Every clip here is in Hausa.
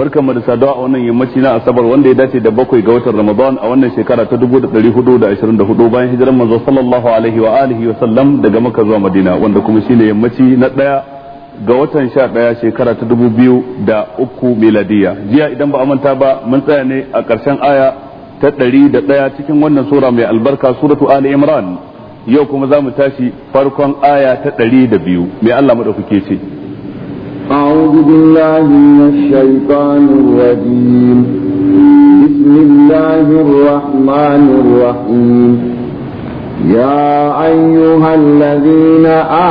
barkan mu da sadawa a wannan yammaci na asabar wanda ya dace da bakwai ga watan ramadan a wannan shekara ta 1424 bayan hijiran manzo sallallahu alaihi wa alihi wa sallam daga makka zuwa madina wanda kuma shine yammaci na daya ga watan sha daya shekara ta 2003 miladiya jiya idan ba manta ba mun tsaya ne a karshen aya ta 101 cikin wannan sura mai albarka suratu ali imran yau kuma za mu tashi farkon aya ta da biyu mai Allah madaukake ce أعوذ بالله من الشيطان الرجيم بسم الله الرحمن الرحيم يا أيها الذين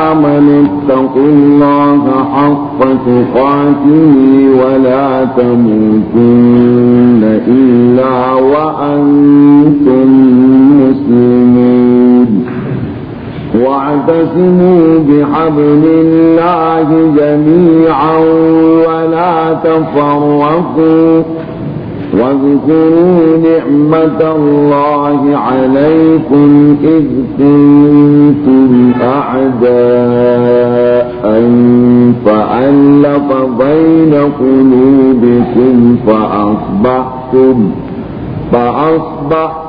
آمنوا اتقوا الله حق تقاته ولا تموتن إلا وأنتم مسلمون واعتصموا بحبل الله جميعا ولا تفرقوا واذكروا نعمة الله عليكم إذ كنتم أعداء فألف بين قلوبكم فأصبحتم فأصبحتم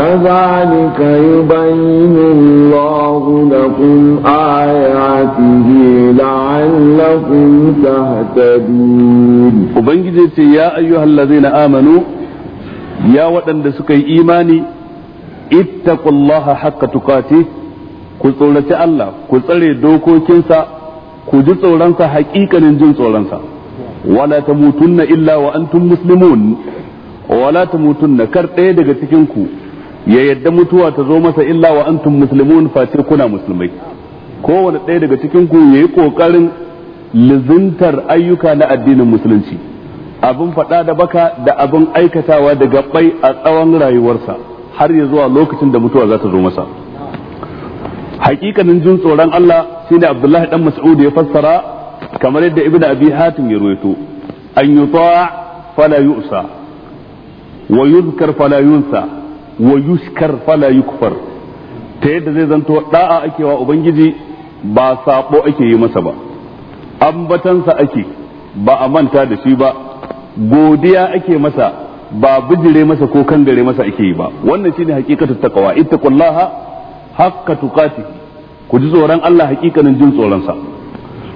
كذلك يبين الله لكم آياته لعلكم تهتدون وبنجدت يا أيها الذين آمنوا يا ودن دسكي إيماني اتقوا الله حق تقاته ku tsoraci Allah ku tsare dokokinsa ku ji tsoronsa hakikanin jin tsoronsa wala tamutunna illa wa antum muslimun wala tamutunna kar ɗaya daga cikin ku ya yadda mutuwa ta zo masa illa wa antum muslimun face kuna musulmai kowane ɗaya daga cikin ku yayi kokarin lizintar ayyuka na addinin musulunci abin faɗa da baka da abin aikatawa daga bai a tsawon rayuwarsa har ya zuwa lokacin da mutuwa za ta zo masa hakikanin jin tsoron Allah shine Abdullahi dan Mas'ud ya fassara kamar yadda Ibn Abi Hatim ya ruwaito an yuta fala yu'sa wa yuzkar fala yunsa wa yuskar fala yukfar ta yadda zai zanto da'a ake wa ubangiji ba sabo ake yi masa ba ambatansa ake ba a manta da shi ba godiya ake masa ba bijire masa ko kan dare masa ake yi ba wannan shine hakikatu taqwa ittaqullaha haqqa tuqati ku ji tsoron Allah hakikanin jin tsoron sa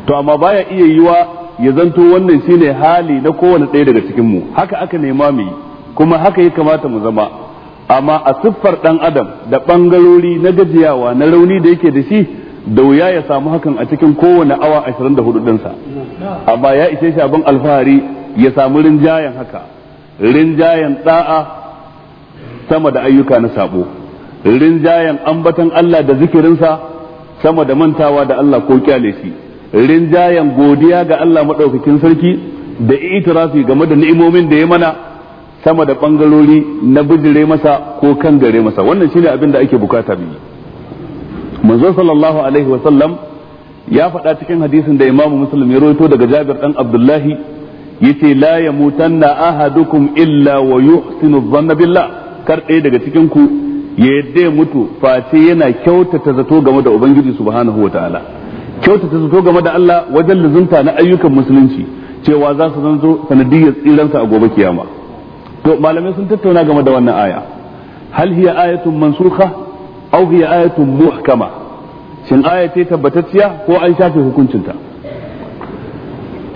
to amma baya iya yiwa ya zanto wannan shine hali na kowane ɗaya daga cikin mu haka aka nema mu kuma haka ya kamata mu zama amma a siffar ɗan adam da ɓangarori na gajiyawa na rauni da yake da shi da wuya ya samu hakan a cikin kowane awa ashirin 24 ɗinsa amma ya ishe shi abin alfahari ya samu rinjayen haka rinjayen ɗa'a sama da ayyuka na sabo rinjayen batan Allah da zikirinsa sama da mantawa da Allah ko kyale shi rinjayen godiya ga Allah maɗaukakin sarki da itirafi game da ni'imomin da ya mana sama da bangarori na bijire masa ko kan gare masa wannan shine abin da ake bukata mai manzo sallallahu alaihi wa sallam ya faɗa cikin hadisin da imamu muslim ya rawaito daga jabir dan abdullahi yace la yamutanna ahadukum illa wa yuhsinu dhanna billah kar ɗaya daga cikin ku ya yadda ya mutu face yana kyautata zato game da ubangiji subhanahu wa ta'ala kyautata zato game da Allah wajen luzunta na ayyukan musulunci cewa za su zanzo sanadiyar tsiransa a gobe kiyama to malamai sun tattauna game da wannan aya hal hiya ayatun mansukha aw hiya ayatun muhkama shin aya ce tabbatacciya ko an shafe hukuncinta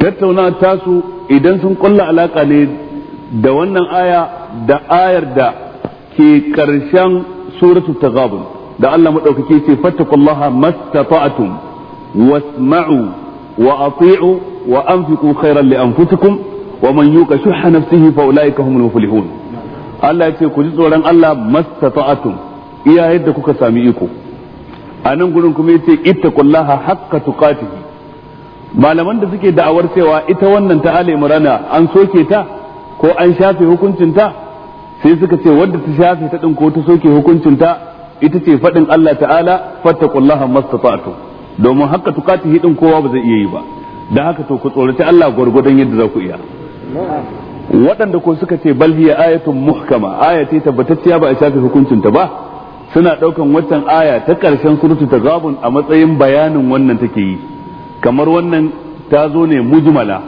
tattauna tasu idan sun kulla alaka ne da wannan aya da ayar da ke karshen suratul taghabun da Allah madaukake ce fattaqullaha mastata'tum wasma'u wa ati'u wa anfiqu khairan li anfusikum wa man yuka shuhha nafsihi fa ulaika humul muflihun Allah yace ku ji tsoron Allah mastata'atum iya yadda kuka sami iko a nan gurin kuma yace ittaqullaha haqqa tuqatihi malaman da suke da'awar cewa ita wannan ta Ali an soke ta ko an shafe hukuncin ta sai suka ce wadda ta shafe ta din ko ta soke hukuncin ta ita ce fadin Allah ta'ala fattaqullaha mastata'atum domin haka tukatihi din kowa ba zai iya yi ba da haka to ku tsoraci Allah gwargwadon yadda za ku iya waɗanda ko suka ce bal hiya ayatun muhkama aya tabbatacciya ba a shafe hukuncin ta ba suna ɗaukan waccan aya ta ƙarshen suratu zabun a matsayin bayanin wannan take yi kamar wannan ta zo ne mujmala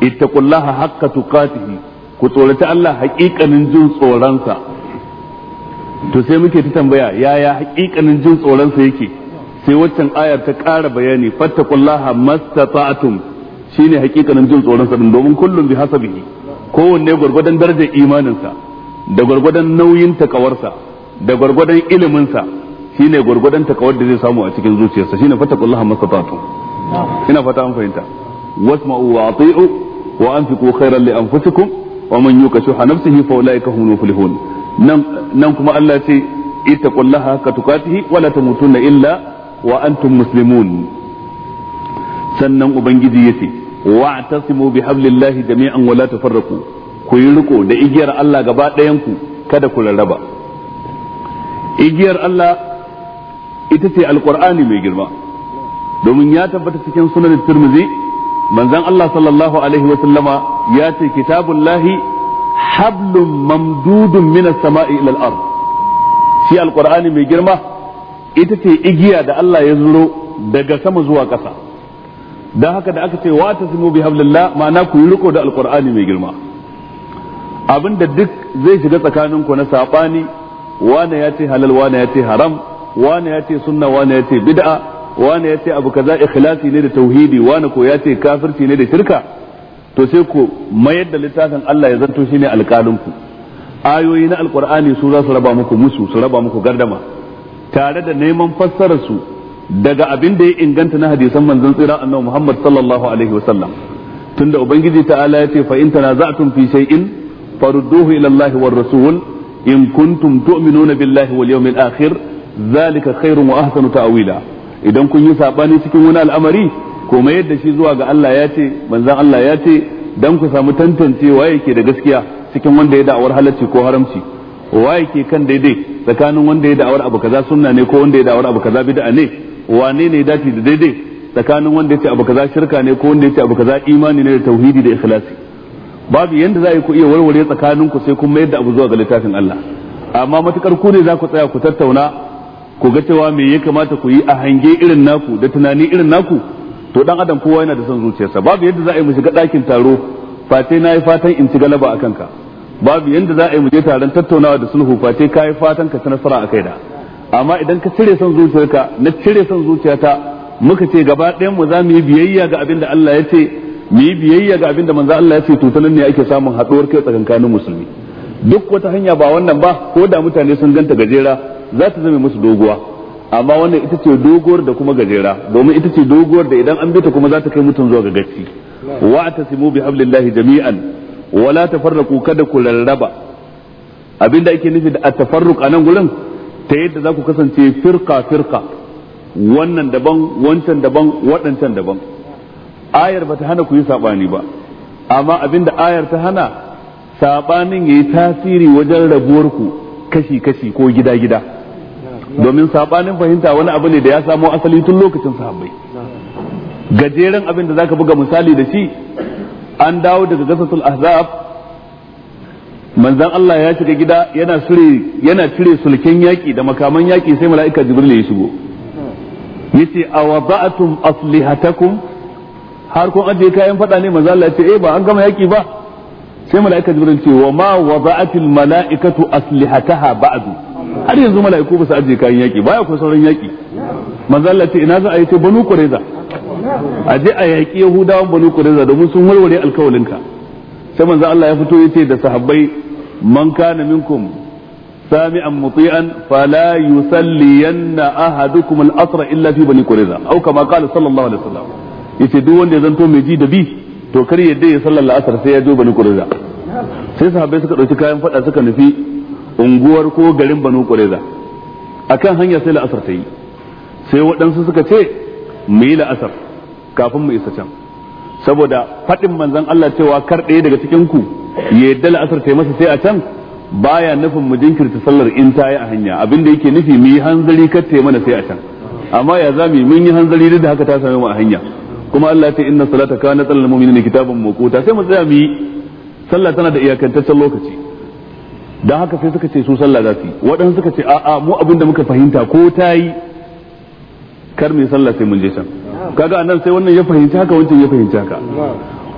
ittaqullaha haqqa tuqatihi ku tsorata Allah haƙiƙanin jin tsoronsa to sai muke ta tambaya yaya haƙiƙanin jin tsoronsa yake sai waccan ayar ta ƙara bayani fattaqullaha mastata'tum shine hakikanin jin tsoron sa domin kullum bi hasabihi kowanne gwargwadon darajar imaninsa da gwargwadon nauyin takawarsa da gwargwadon iliminsa shine gwargwadon takawar da zai samu a cikin zuciyarsa shine fatakullaha mastata'tu ina fata an fahimta wasma'u wa ati'u wa anfiqu khairan li anfusikum wa man yuka shuha nafsihi fa ulaika humul muflihun nan nan kuma Allah ya ce ittaqullaha ka tukatihi wa la tamutunna illa wa antum muslimun sannan ubangiji ya ce. wa'tasimu hablillahi jami'an wa la tafarraqu ku yi riko da igiyar Allah gaba ɗayan ku kada ku rarraba igiyar Allah ita ce alqur'ani mai girma domin ya tabbata cikin sunan Tirmidhi manzon Allah sallallahu alaihi ya ce kitabullahi hablum mamdudun minas sama'i ila al-ard shi alqur'ani mai girma ita ce igiya da Allah ya zuro daga sama zuwa ƙasa dan haka da aka ce wa tasmu bi hablillah ma'ana ku yi riko da alqur'ani mai girma Abin da duk zai shiga tsakanin ku na sabani wane ya ce halal wane ya ce haram wane ya ce sunna wane ya ce bid'a wane ya ce abu kaza ikhlasi ne da tauhidi wane ko ya ce kafirci ne da shirka to sai ku mayar da littafin Allah ya zanto shine alƙalin ku ayoyi na alqur'ani su za su raba muku musu su raba muku gardama tare da neman fassararsu. su daga abin da ya inganta na hadisan manzon tsira annabi Muhammad sallallahu alaihi wasallam tunda ubangiji ta'ala ya ce fa in tanaza'tum fi shay'in farudduhu ila Allah war rasul in kuntum tu'minuna billahi wal yawmil akhir zalika khairun wa ahsanu ta'wila idan kun yi sabani cikin wani al'amari ko yadda shi zuwa ga Allah ya ce manzon Allah ya ce dan ku samu tantancewa yake da gaskiya cikin wanda ya da'awar halacci ko haramci waye ke kan daidai tsakanin wanda ya da'awar abu kaza sunna ne ko wanda ya da'awar abu kaza bid'a ne wane ne dace da daidai tsakanin wanda yace abu kaza shirka ne ko wanda yace abu kaza imani ne da tauhidi da ikhlasi babu yanda za ku iya warware tsakanin ku sai kun mayar da abu zuwa ga littafin Allah amma matukar ku ne za ku tsaya ku tattauna ku ga cewa me ya kamata ku yi a hange irin naku da tunani irin naku to dan adam kowa yana da son zuciyarsa babu yadda za a yi mu shiga ɗakin taro fate na yi fatan in ci galaba a kanka babu yadda za a yi mu je taron tattaunawa da sulhu fate ka yi fatan ka ci nasara a kai da amma idan ka cire son zuciyarka na cire son zuciyata muka ce gaba ɗayan mu za mu yi biyayya ga abin da Allah ya ce mu yi biyayya ga abin da manzo Allah ya ce to ta ne ake samun haɗuwar kai tsakankanin musulmi duk wata hanya ba wannan ba ko da mutane sun ganta gajera za ta zame musu doguwa amma wannan ita ce doguwar da kuma gajera domin ita ce doguwar da idan an bi ta kuma za ta kai mutum zuwa ga gaci wa tasimu bi hablillahi jami'an wala tafarraqu kada ku rarraba abinda ake nufi da at-tafarruq anan gurin ta yadda za ku kasance firka firka wannan daban wancan daban waɗancan daban ayar ba ta hana ku yi saɓani ba amma da ayar ta hana saɓanin ya yi tasiri wajen rabuwar ku kashi-kashi ko gida-gida domin saɓanin fahimta wani abu ne da ya samo asali tun lokacin sahabbai gajeren abin da za ka buga misali da shi an dawo daga gasatul ahzab manzan Allah ya shiga gida yana cire yana cire sulken yaki da makaman yaki sai mala'ika jibril ya shigo yace awada'tum aslihatakum har kun aje kayan fada ne manzan Allah ya ce eh ba an gama yaki ba sai mala'ika jibril ce wa ma waba'atil mala'ikatu aslihataha ba'du har yanzu mala'iku ba su aje kayan yaki baya ko sauran yaki manzan Allah ya ce ina za a yi ce banu kureza aje a yaki yahudawan banu kureza domin sun warware alkawalinka sai manzo Allah ya fito yace da sahabbai man kana minkum sami'an muti'an fala yusalliyanna ahadukum al-asra illa fi bani qurayza aw kama qala sallallahu alaihi wasallam yace duk wanda ya zanto mai ji da bi to kar yadda ya sallar al sai ya zo bani sai sahabbai suka dauki kayan fada suka nufi unguwar ko garin bani qurayza akan hanya sai la'asar ta yi sai waɗansu suka ce mu yi la'asar kafin mu isa can saboda faɗin manzon Allah cewa kar ɗaya daga cikin ku ya yadda la'asar ta masa sai a can baya nufin mu jinkirta sallar in ta yi a hanya abin da yake nufi mu yi hanzari kar ta mana sai a can amma ya za mu mun yi hanzari da haka ta same mu a hanya kuma Allah ta inna salata kana tsallal mu'minina kitaban mawquta sai mu tsaya mu yi sallah tana da iyakantaccen lokaci dan haka sai suka ce su sallah za su yi suka ce a'a mu abin da muka fahimta ko ta yi kar mu yi sallah sai mun je can kaga anan sai wannan ya fahimci haka wancan ya fahimci haka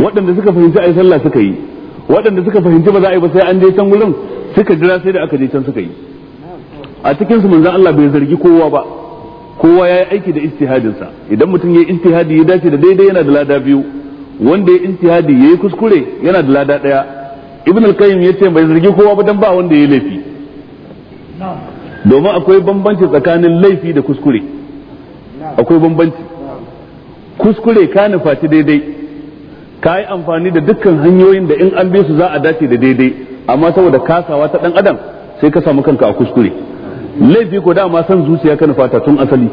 waɗanda suka fahimci ai sallah suka yi waɗanda suka fahimci ba za a yi ba sai an je can gurin suka jira sai da aka je can suka yi a cikin su manzon Allah bai zargi kowa ba kowa ya yi aiki da istihadin sa idan mutum ya yi istihadi ya dace da daidai yana da lada biyu wanda ya yi istihadi ya yi kuskure yana da lada ɗaya ibn al-qayyim ya ce bai zargi kowa ba dan ba wanda ya yi laifi domin akwai bambanci tsakanin laifi da kuskure akwai bambanci kuskure ka nufaci daidai ka yi amfani da dukkan hanyoyin da in an bi su za a dace da daidai amma saboda kasawa ta dan adam sai ka samu kanka a kuskure laifi ko dama san zuciya ka nufata tun asali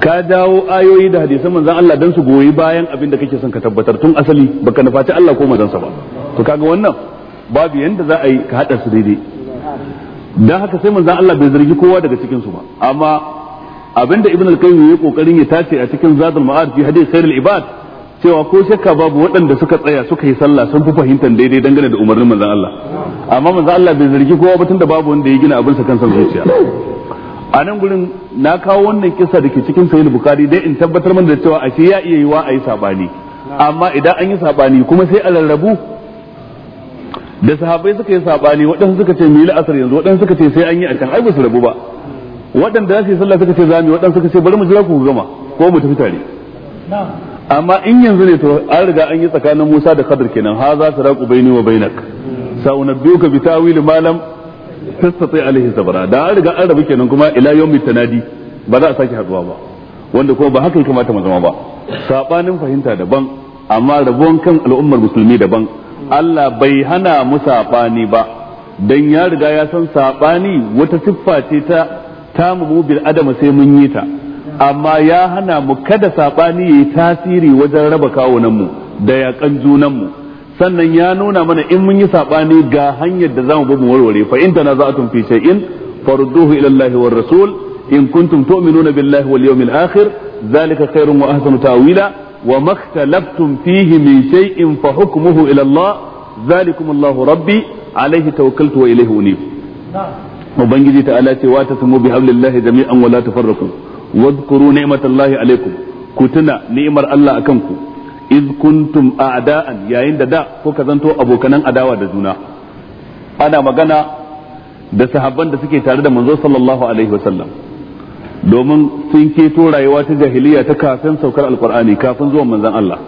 ka dawo ayoyi da hadisan manzon Allah dan su goyi bayan abin da kake son ka tabbatar tun asali baka nufaci Allah ko manzon sa ba to kaga wannan babu yanda za a yi ka hada su daidai dan haka sai manzon Allah bai zargi kowa daga cikin su ba amma abinda ibn al-qayyim ya kokarin ya tace a cikin zadul ma'ad fi hadith al ibad cewa ko shakka babu waɗanda suka tsaya suka yi sallah sun fi fahimtar daidai dangane da umarnin manzon Allah amma manzon Allah bai zargi kowa ba tunda babu wanda ya gina abin sa kansa zuciya a nan gurin na kawo wannan kisa da ke cikin sahih bukhari dai in tabbatar mana da cewa ashe ya iya yiwa a yi sabani amma idan an yi sabani kuma sai a rarrabu da sahabbai suka yi sabani waɗansu suka ce mu yi yanzu waɗansu suka ce sai an yi a can ai ba su rabu ba waɗanda za su yi sallah suka ce zami waɗanda suka ce bari mu jira ku gama ko mu tafi tare amma in yanzu ne to an riga an yi tsakanin Musa da Khadir kenan ha za su raku baini wa bainak sa'unabbiuka bi ta'wil ma lam tastati alaihi sabra da an riga an rabu kenan kuma ila yawmi tanadi ba za a sake haduwa ba wanda kuma ba haka ya kamata mu zama ba sabanin fahimta daban amma rabuwan kan al'ummar musulmi daban Allah bai hana mu sabani ba dan ya riga ya san sabani wata siffa ce ta tamu mu bil adama sai mun yi ta amma ya hana mu kada sabani yayi tasiri wajen raba kawunan mu da yakan junan mu sannan ya nuna mana in mun yi sabani ga hanyar da zamu bi mu warware fa in tanaza'tum fi shay'in farudduhu ila Allah war rasul in kuntum tu'minuna billahi wal yawmil akhir zalika khairun wa ahsanu ta'wila wa makhtalaftum fihi min shay'in fa hukmuhu ila Allah rabbi alayhi tawakkaltu wa ilayhi unib ubangiji ta'ala ce wa tasmu bi hablillahi jami'an wa la tafarraqu wadhkuru ni'matallahi alaikum ku tuna ni'imar Allah akan ku iz kuntum a'da'an yayin da da kuka zanto abokanan adawa da juna ana magana da sahabban da suke tare da manzo sallallahu alaihi wasallam domin sun keto rayuwa ta jahiliya ta kafin saukar alkur'ani kafin zuwan manzon Allah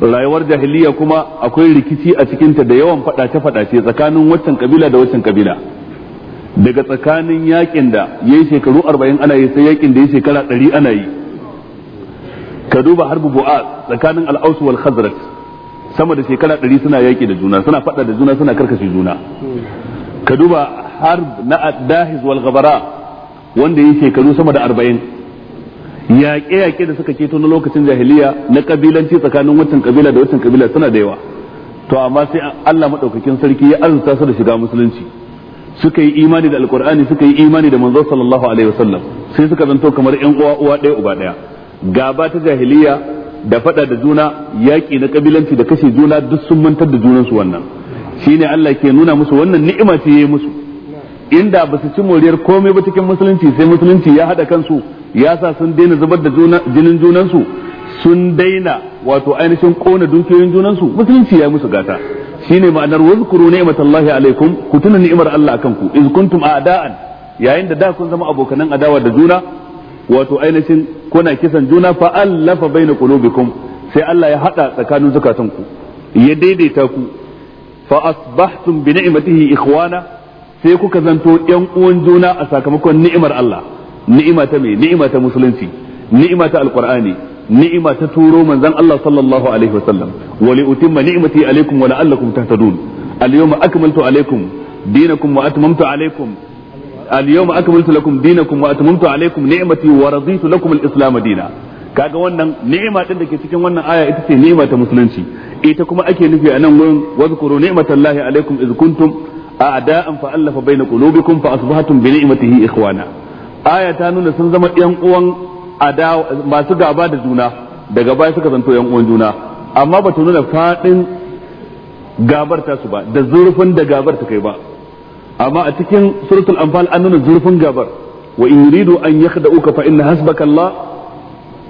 rayuwar jahiliya kuma akwai rikici a cikinta da yawan fadace fadace tsakanin waccan kabila da waccan kabila daga tsakanin yakin da ya yi shekaru arba'in ana yi sai yakin da ya shekara ɗari ana yi ka duba harbu bu'a tsakanin al'ausu wal khazraj sama da shekara ɗari suna yaƙi da juna suna fada da juna suna karkashe juna ka duba harb na addahiz wal gabara wanda ya yi shekaru sama da arba'in yaƙe-yaƙe da suka keto na lokacin jahiliya na kabilanci tsakanin wancan kabila da wancan kabila suna da yawa to amma sai Allah madaukakin sarki ya arzuta su da shiga musulunci suka yi imani da alkur'ani suka yi imani da manzo sallallahu alaihi wasallam sai suka zanto kamar yan uwa uwa ɗaya uba ɗaya gaba ta jahiliya da faɗa da juna yaƙi na kabilanci da kashe juna duk sun mantar da junansu wannan shine Allah ke nuna musu wannan ni'ima ce yayi musu inda ba su ci moriyar komai ba cikin musulunci sai musulunci ya hada kansu ya sa sun daina zubar da jinin junansu sun daina wato ainihin kona dukiyoyin junansu musulunci ya musu gata shine ma'anar wazkuru ni'matallahi alaikum ku tuna ni'imar Allah akan ku iz kuntum a'da'an yayin da da kun zama abokanan adawa da juna wato ainihin kuna kisan juna fa allafa baina qulubikum sai Allah ya hada tsakanin zukatan ku ya daidaita ku fa asbahtum bi ni'matihi ikhwana sai kuka zanto yan uwan juna a sakamakon ni'imar Allah ni'ima ta me ni'ima ta musulunci ni'ima ta alqur'ani ni'ima ta turo manzon Allah sallallahu alaihi wasallam wa li utimma ni'mati alaikum wa la'allakum tahtadun al-yawma akmaltu alaikum dinakum wa atmamtu alaikum al-yawma akmaltu lakum dinakum wa atmamtu alaikum ni'mati wa raditu lakum al-islam dinan kaga wannan ni'ima din da ke cikin wannan aya ita ce ni'ima ta musulunci ita kuma ake nufi a nan gurin wazkuru ni'matallahi alaikum iz kuntum a'da'an fa allafa baina qulubikum fa asbahatum bi ni'matihi ikhwana aya ta nuna sun zama yan uwan masu gaba da juna daga baya suka zanto yan uwan juna amma ba nuna fadin gabar ta su ba da zurfin da gabar ta kai ba amma a cikin suratul anfal an nuna zurfin gabar wa in yuridu an yakhda'uka fa inna hasbaka Allah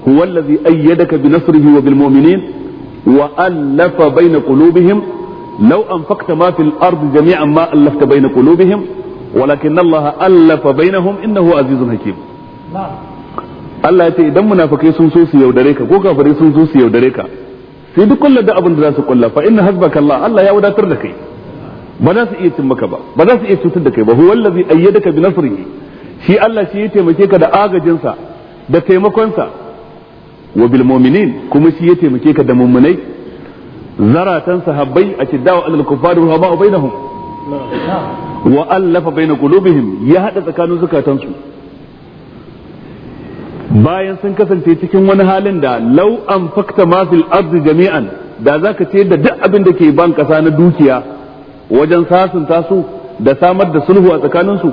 huwa allazi ayyadaka bi nasrihi wa bil mu'minin wa alafa bayna qulubihim law anfaqta ma fil ardi jami'an ma alafta bayna qulubihim ولكن الله hum بينهم إنه azizun hakim نعم Allah ya ce idan munafikai sun so su yaudare ka ko kafirai sun so su yaudare ka sai duk kullu da abin da za su kulla fa inna hasbaka Allah Allah ya wadatar da kai ba za su iya cin maka ba ba za su iya cutar da kai ba huwa allazi ayyadaka bi nasrihi shi Allah shi ya taimake ka da agajinsa da taimakonsa wa bil mu'minin kuma shi ya taimake ka da mummunai zaratan sahabbai a shiddaw alal kuffar wa ma bainahum wa allafa baina qulubihim ya hada tsakanin zukatansu bayan sun kasance cikin wani halin da lau an fakta masil arzi jami'an da za ka ce da duk abin da ke ban kasa na dukiya wajen sasunta su da samar da sulhu a tsakaninsu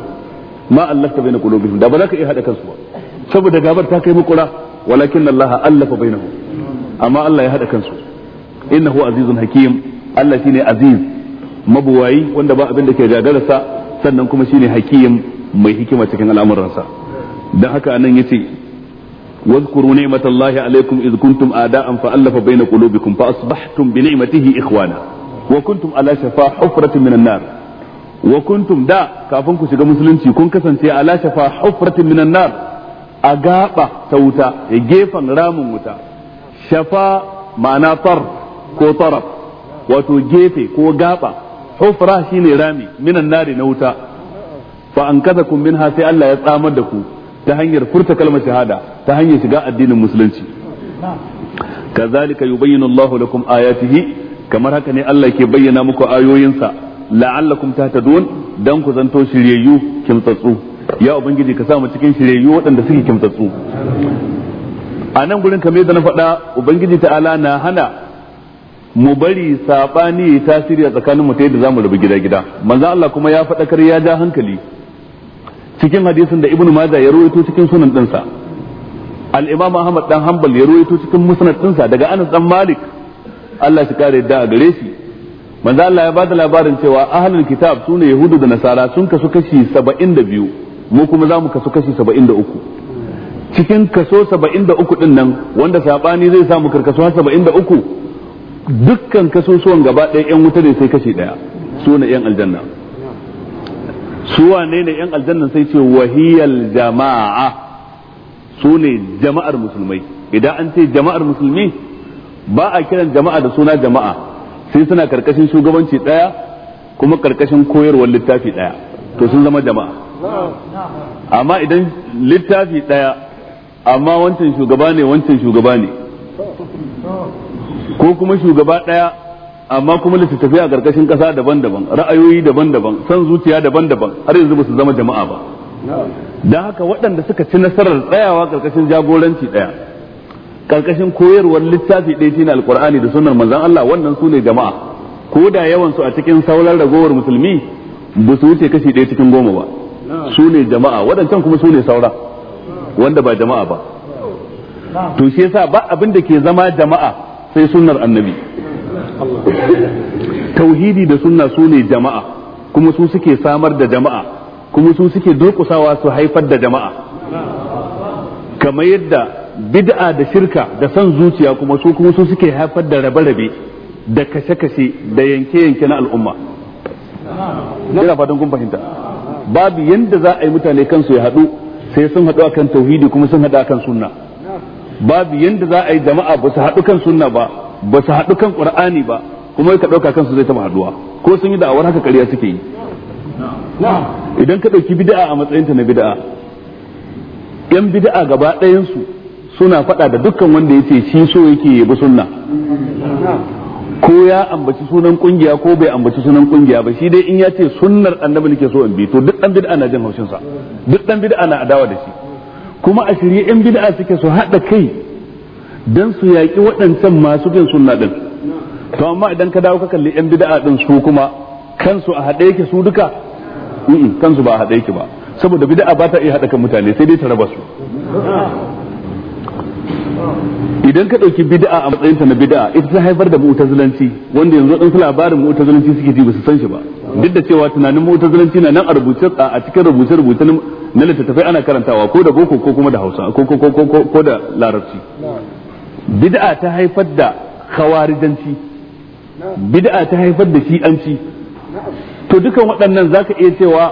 ma Allah ka bai na da ba za ka iya haɗa kansu ba saboda gabar ta kai makura walakin Allah allafa bainahu amma Allah ya haɗa kansu innahu azizun hakim Allah shine aziz mabuwayi wanda ba abin da ke gagararsa sannan kuma shine hakim mai hikima cikin al'amuransa don haka nan yace واذكروا نعمة الله عليكم إذ كنتم أعداء فألف بين قلوبكم فأصبحتم بنعمته إخوانا وكنتم على شفا حفرة من النار وكنتم دا كافنكم شيغا مسلمتي كون كسانتي على شفا حفرة من النار أغابا توتا جيفا رام متا شفا معنى طر كو طرف وتو جيفي كو غابا حفرة شيني رامي من النار نوتا فأنقذكم منها سي الله يتامدكم ta hanyar furta kalmar shahada ta hanyar shiga addinin musulunci kazalika yubayyinu Allahu lakum ayatihi kamar haka ne Allah ke bayyana muku ayoyinsa la'allakum tahtadun dan ku zanto shiryayyu kimtsatsu ya ubangiji ka sa mu cikin shiryayyu waɗanda suke kimtsatsu a nan gurin kamar yadda na faɗa ubangiji ta'ala na hana mu bari sabani tasiri a tsakanin mu ta yadda zamu rubu gida gida manzo Allah kuma ya faɗakar ya ja hankali cikin hadisin da ibnu maja ya ruwaito cikin sunan dinsa al-imam ahmad dan hanbal ya ruwaito cikin musnad dinsa daga anas dan malik Allah shi kare da a gare shi manzo Allah ya bada labarin cewa ahlul kitab sune yahudu da nasara sun kasu kashi 72 mu kuma zamu kasu kashi 73 cikin kaso 73 din nan wanda sabani zai samu karkaso 73 dukkan kaso suwan gaba ɗaya yan wuta ne sai kashi ɗaya suna yan aljanna su wane ne yan aljannan sai ce wahiyal jama'a su ne jama'ar musulmai idan an ce jama'ar musulmi ba a kiran jama'a da suna jama'a sai suna karkashin shugabanci daya kuma karkashin koyarwar littafi daya to sun zama jama'a amma idan littafi daya amma wancan shugaba ne wancan shugaba ne ko kuma shugaba daya amma kuma littattafai a ƙarƙashin ƙasa daban-daban ra'ayoyi daban-daban san zuciya daban-daban har yanzu ba su zama jama'a ba don haka waɗanda suka ci nasarar tsayawa ƙarƙashin jagoranci ɗaya ƙarƙashin koyarwar littafi ɗaya shine alƙur'ani da sunan manzon Allah wannan su ne jama'a ko da yawan su a cikin sauran ragowar musulmi ba su wuce kashi ɗaya cikin goma ba su ne jama'a waɗancan kuma su ne saura wanda ba jama'a ba to shi yasa ba abin da ke zama jama'a sai sunnar annabi tauhidi da sunna su ne jama'a kuma su suke samar da jama'a kuma su suke durkusawa su haifar da jama'a kamar yadda bid'a da shirka da son zuciya kuma su kuma su suke haifar da rabe-rabe da kashe-kashe da yanke-yanke na al'umma ina fatan kun fahimta babu yadda za a yi mutane kansu ya haɗu sai sun haɗu akan tauhidi kuma sun haɗu akan sunna babu yadda za a yi jama'a ba su haɗu kan sunna ba ba su haɗu kan qur'ani ba kuma ka ɗauka kansu zai taɓa haɗuwa ko sun yi da'awar haka ƙarya suke yi idan ka ɗauki bida'a a matsayinta na bida'a yan bid'a gaba ɗayansu suna faɗa da dukkan wanda ya ce shi so yake yabi sunna ko ya ambaci sunan kungiya ko bai ambaci sunan kungiya ba shi dai in ya ce sunnar annabi nake so in bi to duk dan bid'a na jin haushin sa duk dan bid'a na adawa da shi kuma a shirye yan bida'a suke so haɗa kai dan su yaƙi waɗancan masu bin sunna din to amma idan ka dawo ka kalli yan bid'a din su kuma kansu a haɗe yake su duka kansu ba a haɗe yake ba saboda bid'a ba ta iya haɗa kan mutane sai dai ta raba su idan ka ɗauki bid'a a matsayin ta na bid'a ita ta haifar da mu'tazilanci wanda yanzu dan su labarin mu'tazilanci suke ji ba su san shi ba duk da cewa tunanin mu'tazilanci na nan a rubuce a cikin rubuce rubuce na littattafai ana karantawa ko da boko ko kuma da Hausa ko ko ko ko da Larabci bid'a ta haifar da khawarijanci bid'a ta haifar da shi'anci to dukan waɗannan zaka iya cewa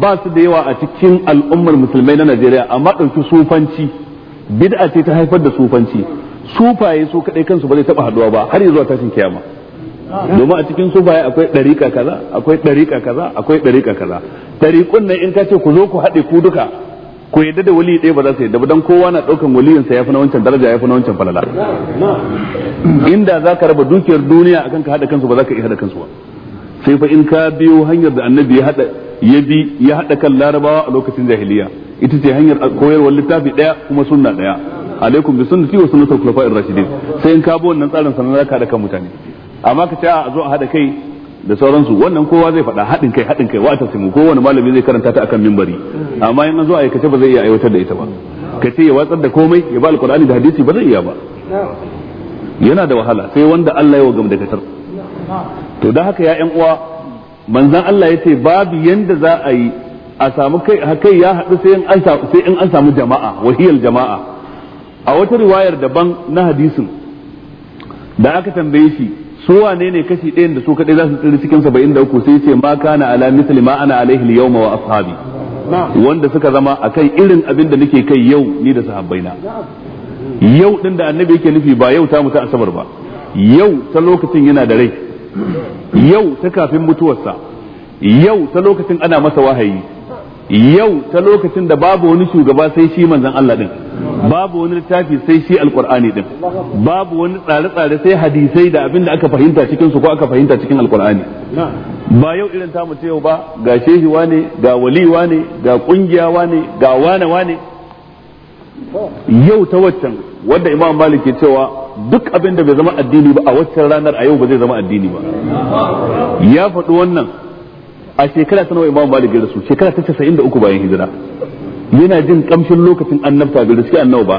ba su da yawa a cikin al'ummar musulmai na Najeriya amma ɗauki sufanci bid'a ce ta haifar da sufanci sufaye su kadai kansu ba zai taba haduwa ba har zuwa tashin kiyama domin a cikin sufaye akwai ɗariƙa kaza akwai ɗariƙa kaza akwai ɗariƙa kaza ɗariƙun nan in ka ce ku zo ku haɗe ku duka ku yadda da wali ɗaya ba za su yadda ba don kowa na ɗaukan waliyinsa ya fi na wancan daraja ya fi na wancan falala inda za ka raba dukiyar duniya akan ka haɗa kansu ba za ka iya haɗa kansu ba sai fa in ka biyo hanyar da annabi ya bi ya haɗa kan larabawa a lokacin jahiliya ita ce hanyar koyarwar littafi ɗaya kuma sunna ɗaya alaikum bi sunnati wa sunnatul khulafa'ir rashidin sai in ka bi wannan tsarin sanan za ka haɗa kan mutane amma ka ce a zo a haɗa kai da sauransu wannan kowa zai faɗa haɗin kai haɗin kai wa'atar simu kowane malami zai karanta ta akan mimbari amma in zo aikace ba zai iya aiwatar da ita ba ka ce ya watsar da komai ya ba alkur'ani da hadisi ba zai iya ba yana da wahala sai wanda Allah ya wa gam da katar to da haka ya ƴan uwa manzon Allah ya ce babu yanda za a yi a samu kai kai ya haɗu sai in an samu sai in an samu jama'a wahiyal jama'a a wata riwayar daban na hadisin da aka tambaye shi su wane ne kashi ɗayan da su kaɗai za su tsiri cikin saba'in da uku sai ce ma kana ala misali ma ana alaihi yawma wa ashabi wanda suka zama a kan irin abin da nake kai yau ni da sahabbaina yau ɗin da annabi yake nufi ba yau ta mutu asabar ba yau ta lokacin yana da rai yau ta kafin mutuwarsa yau ta lokacin ana masa wahayi yau ta lokacin da babu wani shugaba sai shi manzon Allah ɗin. babu wani littafi sai shi alqur'ani din babu wani tsare-tsare sai hadisai da abin da aka fahimta cikin su ko aka fahimta cikin alqur'ani ba yau irin tamu ta yau ba ga shehi wane ga wali wane ga kungiya wane ga wane wane yau ta waccan wanda imam malik ke cewa duk abin da bai zama addini ba a waccan ranar a yau ba zai zama addini ba ya faɗi wannan a shekara ta nawa imam malik ya rasu shekara ta 93 bayan hijira yana jin kamshin lokacin annabta da riski annabu ba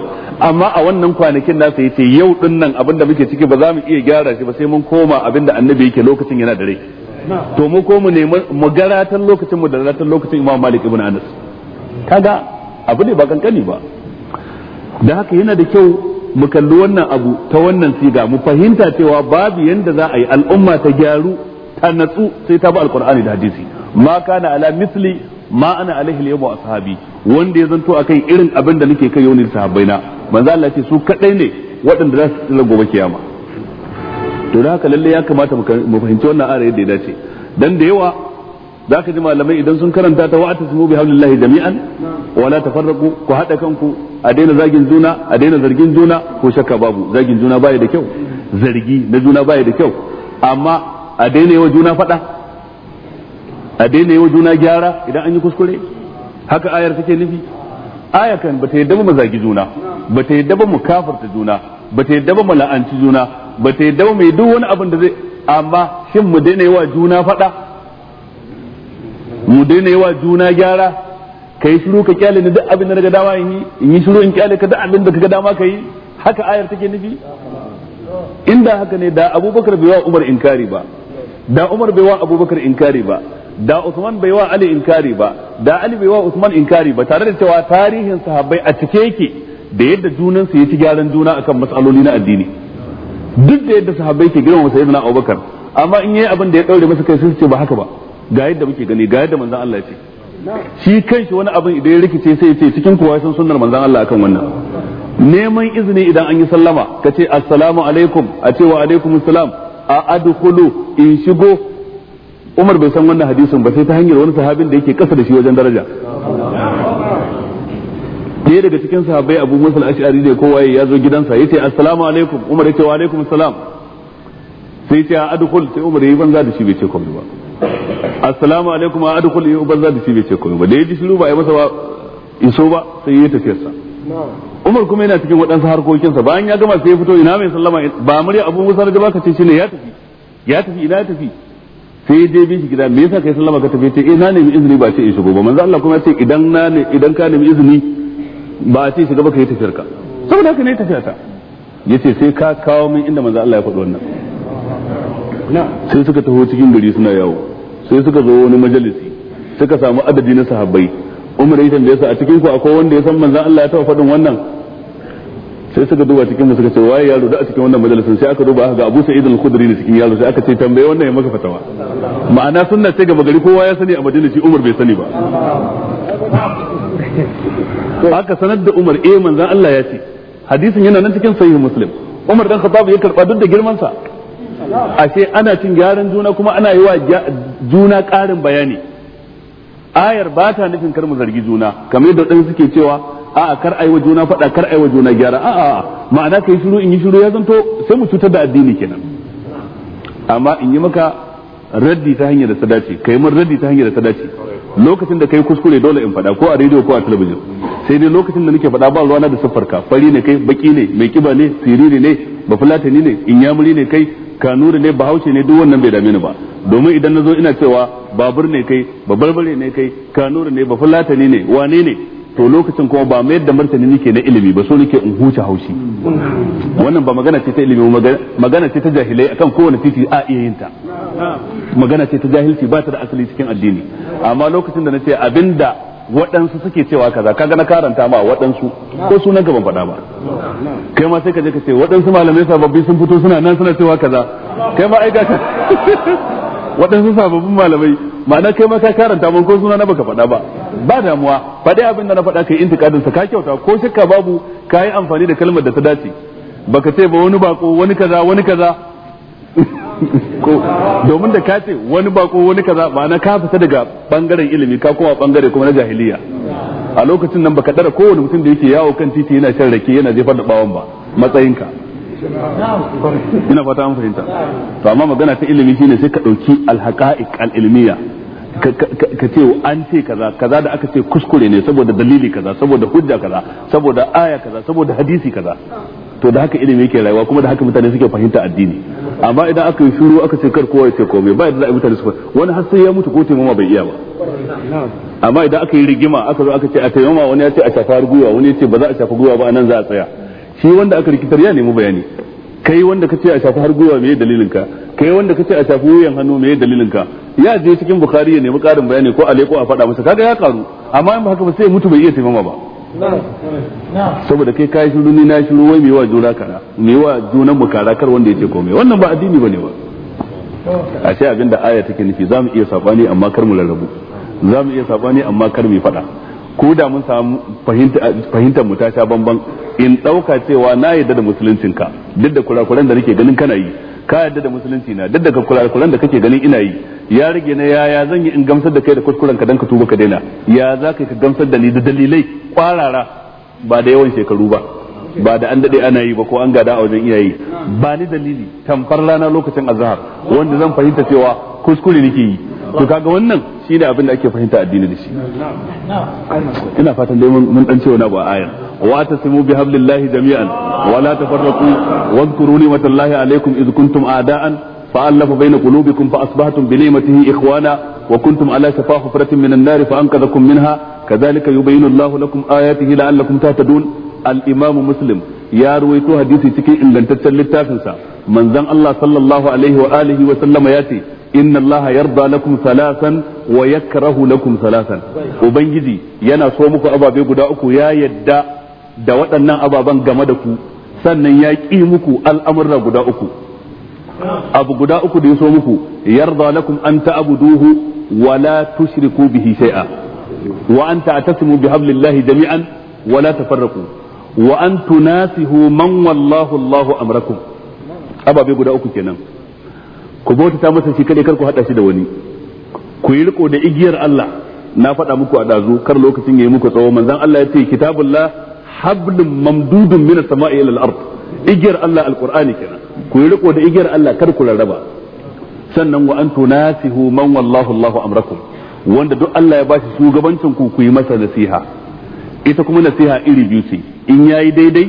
amma a wannan kwanakin nasa yace yau din nan abinda muke ciki ba za mu iya gyara shi ba sai mun koma abinda annabi yake lokacin yana da rai to mu ko mu nemi mu garatan lokacin mu da garatan lokacin Imam Malik ibn Anas kaga abu ne ba kankani ba da haka yana da kyau mu kalli wannan abu ta wannan siga mu fahimta cewa babu yanda za a yi al'umma ta gyaru ta natsu sai ta bi alqur'ani da hadisi ma kana ala misli ma ana alaihi al ashabi wanda ya zanto akan irin abin da nake kai yau sahabbai na manzo Allah ce su kadai ne waɗanda za su tsira gobe kiyama to da haka lalle ya kamata mu fahimci wannan ayar yadda ya dace dan da yawa zaka ji malamai idan sun karanta ta wa'ata sumu bi haulillahi jami'an wa la tafarraqu ku hada kanku a daina zagin juna a daina zargin juna ko shakka babu zagin juna baya da kyau zargi na juna baya da kyau amma a daina yawa juna fada a daina yawa juna gyara idan an yi kuskure haka ayar take nufi aya kan ta yadda ba mu zagi juna ta yadda ba mu kafarta juna ba ta yadda ba mu la'anci juna ta yadda ba mu duk wani abin da zai amma shin mu daina yi wa juna faɗa mu daina yi wa juna gyara ka yi shiru ka kyale ni duk abin da na ga dama in yi in yi shiru in kyale ka duk abin da ka ga dama ka yi haka ayar take nufi inda haka ne da abubakar bai wa umar inkari ba da umar bai wa abubakar inkari ba da Usman bai wa Ali inkari ba da Ali bai wa Usman inkari ba tare da cewa tarihin sahabbai a cike yake da yadda junan su ci gyaran juna akan matsaloli na addini duk da yadda sahabbai ke girma girmama na Abubakar amma in yayi abin da ya daure masa kai sai su ce ba haka ba ga yadda muke gani ga yadda manzon Allah ya ce shi kanshi wani abin idan ya rikice sai ya ce cikin kowa san sunnar manzon Allah akan wannan neman izini idan an yi sallama ka ce assalamu alaikum a ce wa alaikum assalam a adkhulu in shigo Umar bai san wannan hadisin ba sai ta hanyar wani sahabin da yake kasa da shi wajen daraja ɗaya daga cikin sahabai Abu Musa al-Ash'ari ne kowa ya zo gidansa Ya ce assalamu alaikum Umar ya ce wa alaikum salam sai a adkhul sai Umar ya yi banza da shi bai ce komai ba assalamu alaikum a adkhul yi banza da shi bai ce komai ba da ji shiru ba ya masa ba iso ba sai ya yi tafiyarsa Umar kuma yana cikin waɗansu harkokinsa bayan ya gama sai ya fito ina mai sallama ba murya Abu Musa da ba ka ce ne ya tafi ya tafi ina ya tafi sai dai bi shi gida me yasa kai sallama ka tafi ce eh na nemi izini ba ce in shigo ba manzo Allah kuma ya ce idan na ne idan ka nemi izini ba ce shiga ba kai tafiyar ka saboda haka ne tafiya ta yace sai ka kawo min inda manzo Allah ya faɗi wannan na sai suka taho cikin gari suna yawo sai suka zo wani majalisi suka samu adadi na sahabbai umar ya da yasa a cikin ku akwai wanda ya san manzo Allah ya taɓa faɗin wannan sai suka duba cikin suka ce waye yaro da a cikin wannan majalisar sai aka duba ga Abu Sa'id al-Khudri ne cikin yaro sai aka ce tambaye wannan ya maka fatawa ma'ana sunna ce ga gari kowa ya sani a Madina Umar bai sani ba aka sanar da Umar eh manzon Allah ya ce hadisin yana nan cikin sahih Muslim Umar dan Khattab ya karba duk da girman sa ashe ana cin gyaran juna kuma ana yi wa juna ƙarin bayani ayar ba ta nufin kar mu zargi juna kamar da wadansu suke cewa a kar ai wa juna faɗa kar ai wa juna gyara a'a ma'ana kai shiru in yi shiru ya zanto sai mu cutar da addini kenan amma in yi maka raddi ta hanyar da ta dace kai mun raddi ta hanyar da ta dace lokacin da kai kuskure dole in faɗa ko a rediyo ko a talabijin sai dai lokacin da nake faɗa ba ruwana da siffarka fari ne kai baki ne mai kiba ne siriri ne bafulatani ne inyamuri ne kai kanuri ne bahaushe ne duk wannan bai dame ni ba domin idan na zo ina cewa babur ne kai babarbare ne kai kanuri ne ba bafulatani ne wane ne to lokacin kuma ba mayar da martani nake na ilimi ba so nake in huce haushi wannan ba magana ce ta ilimi magana ce ta jahilai akan kowane titi a iya yin ta magana ce ta jahilci ba ta da asali cikin addini amma lokacin da na nace abinda waɗansu suke cewa kaza kaga na karanta ma waɗansu ko sunan gaban faɗa ba kai ma sai ka je ka ce waɗansu malamai sababbi sun fito suna nan suna cewa kaza kai ma aika waɗansu sababbin malamai ma'ana kai ma ka karanta mun ko suna na baka faɗa ba ba damuwa faɗi abin da na faɗa kai intikadin sa ka kyauta ko shakka babu ka yi amfani da kalmar da ta dace baka ce ba wani bako wani kaza wani kaza domin da ka wani bako wani kaza ba na ka fita daga bangaren ilimi ka koma bangare kuma na jahiliya a lokacin nan baka dara kowane mutum da yake yawo kan titi yana shan rake yana jefar da bawon ba matsayinka ina fata an fahimta to amma magana ta ilimi shine sai ka dauki alhaqa'iq alilmiya ka ce an ce kaza kaza da aka ce kuskure ne saboda dalili kaza saboda hujja kaza saboda aya kaza saboda hadisi kaza to da haka ilimi yake rayuwa kuma da haka mutane suke fahimta addini amma idan aka yi shuru aka ce kar kowa ya ce komai ba idan mutane su wani har sai ya mutu ko taimama bai iya ba amma idan aka yi rigima aka zo aka ce a taimama wani ya ce a shafar gwiwa wani ya ce ba za a shafa gwiwa ba nan za a tsaya shi wanda aka rikitar ya nemi bayani kai wanda kace a shafi har gwiwa me dalilin ka kai wanda kace a shafi wuyan hannu me dalilin ka ya je cikin bukhari ya nemi karin bayani ko ko a faɗa masa kaga ya karu amma in ba haka ba sai mutu bai iya taimama ba saboda kai kai shiru ni na shiru wai me wa juna kara me wa junan mu kara kar wanda yake komai wannan ba addini bane ba a ce abin da aya take nufi za mu iya sabani amma kar mu rarrabu za mu iya sabani amma kar mu faɗa ko da mun samu fahimtar mu ta sha bamban in ɗauka cewa na yarda da ka duk da kurakuran da nake ganin kana yi ka yarda da musulunci na duk da kurakuran da kake ganin ina yi ya rage na yaya zan yi in gamsar da kai da kuskuren ka dan ka tuba ka daina ya za ka gamsar da ni da dalilai kwarara ba da yawan shekaru ba ba da an dade ana yi ba ko an gada a wajen iyaye ba ni dalili tamfar rana lokacin azhar wanda zan fahimta cewa kuskure nake yi to kaga wannan shine abin da ake fahimta addini da shi ina fatan dai mun dan ce wani ba ayar wa tasimu bi hablillahi jami'an wa la tafarraqu wa dhkuru ni'matallahi alaykum id kuntum a'da'an فألف بين قلوبكم فأصبحتم بنعمته إخوانا وكنتم على شفا حفرة من النار فأنقذكم منها kazalika yubayyinu Allahu lakum ayatihi la'allakum tahtadun al-imamu muslim ya ruwaito hadisi cikin ingantaccen littafinsa manzon Allah sallallahu alaihi wa alihi wa sallama ya ce inna Allah yarda lakum salasan wa yakrahu lakum salasan ubangiji yana so muku ababe guda uku ya yadda da waɗannan ababen game da ku sannan ya ƙi muku al'amurra guda uku abu guda uku da ya so muku yarda lakum an ta'buduhu wala la ko bihi shay'a wa an ta'tasimu bihablillahi jami'an wa la tafarraqu wa an tunasihu man wallahu Allahu amrakum ababe guda uku kenan ku bautata masa shi kadai kar ku hada shi da wani ku riko da igiyar Allah na faɗa muku a dazu kar lokacin yayi muku tsawo manzon Allah ya ce kitabullah hablum mamdudun minas sama'i ila al-ard igiyar Allah alqur'ani kenan ku riko da igiyar Allah kar ku rarraba sannan wa antu nasihu man wallahu Allahu amrakum wanda duk Allah ya ba shi shugabancin ku ku yi masa nasiha ita kuma nasiha iri biyu ce in yayi daidai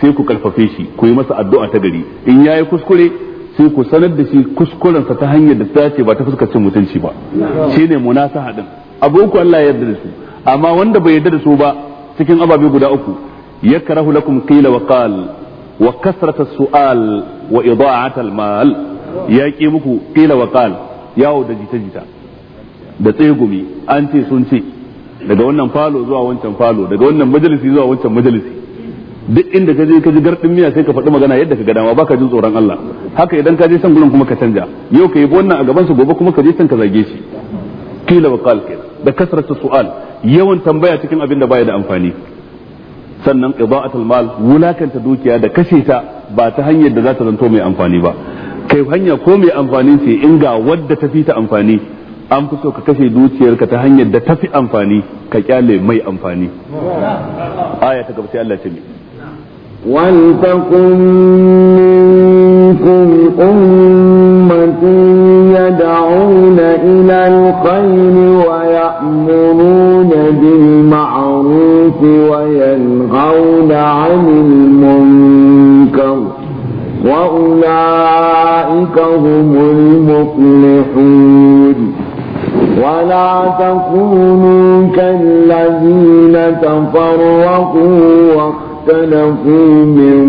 sai ku karfafe shi ku yi masa addu'a ta gari in yayi kuskure sai ku sanar da shi kuskurensa ta hanyar da ta ce ba ta fuskar cin mutunci ba shine munasaha din abubuwa Allah ya yarda da su amma wanda bai yarda da su ba cikin ababe guda uku yakrahu lakum qila wa qal wa kasrata su'al wa ida'at al mal ya ki muku qila wa qal yawo da jita jita da tsegumi an ce sun ce daga wannan falo zuwa wancan falo daga wannan majalisi zuwa wancan majalisi duk inda ka je ka ji gardin miya sai ka faɗi magana yadda ka ga dama baka jin tsoron Allah haka idan ka je san gurin kuma ka canja yau ka yi wannan a gaban su gobe kuma ka je san ka zage shi kila wa qal da kasratu su'al yawan tambaya cikin abin da baya da amfani sannan ida'atul mal wulakanta dukiya da kashe ta ba ta hanyar da za ta zanto mai amfani ba kai hanya ko mai amfani ce in ga wadda ta fi ta amfani an fi so ka kashe dukiyarka ta hanyar da tafi amfani ka kyale mai amfani aya ta gaba sai Allah ce ne waltaqum minkum ummatin yad'una ila al-khayri wa ya'muruna bil ma'ruf wa yanhauna 'anil munkar wa ulaika humul muflihun ولا تكونوا كالذين تفرقوا واختلفوا من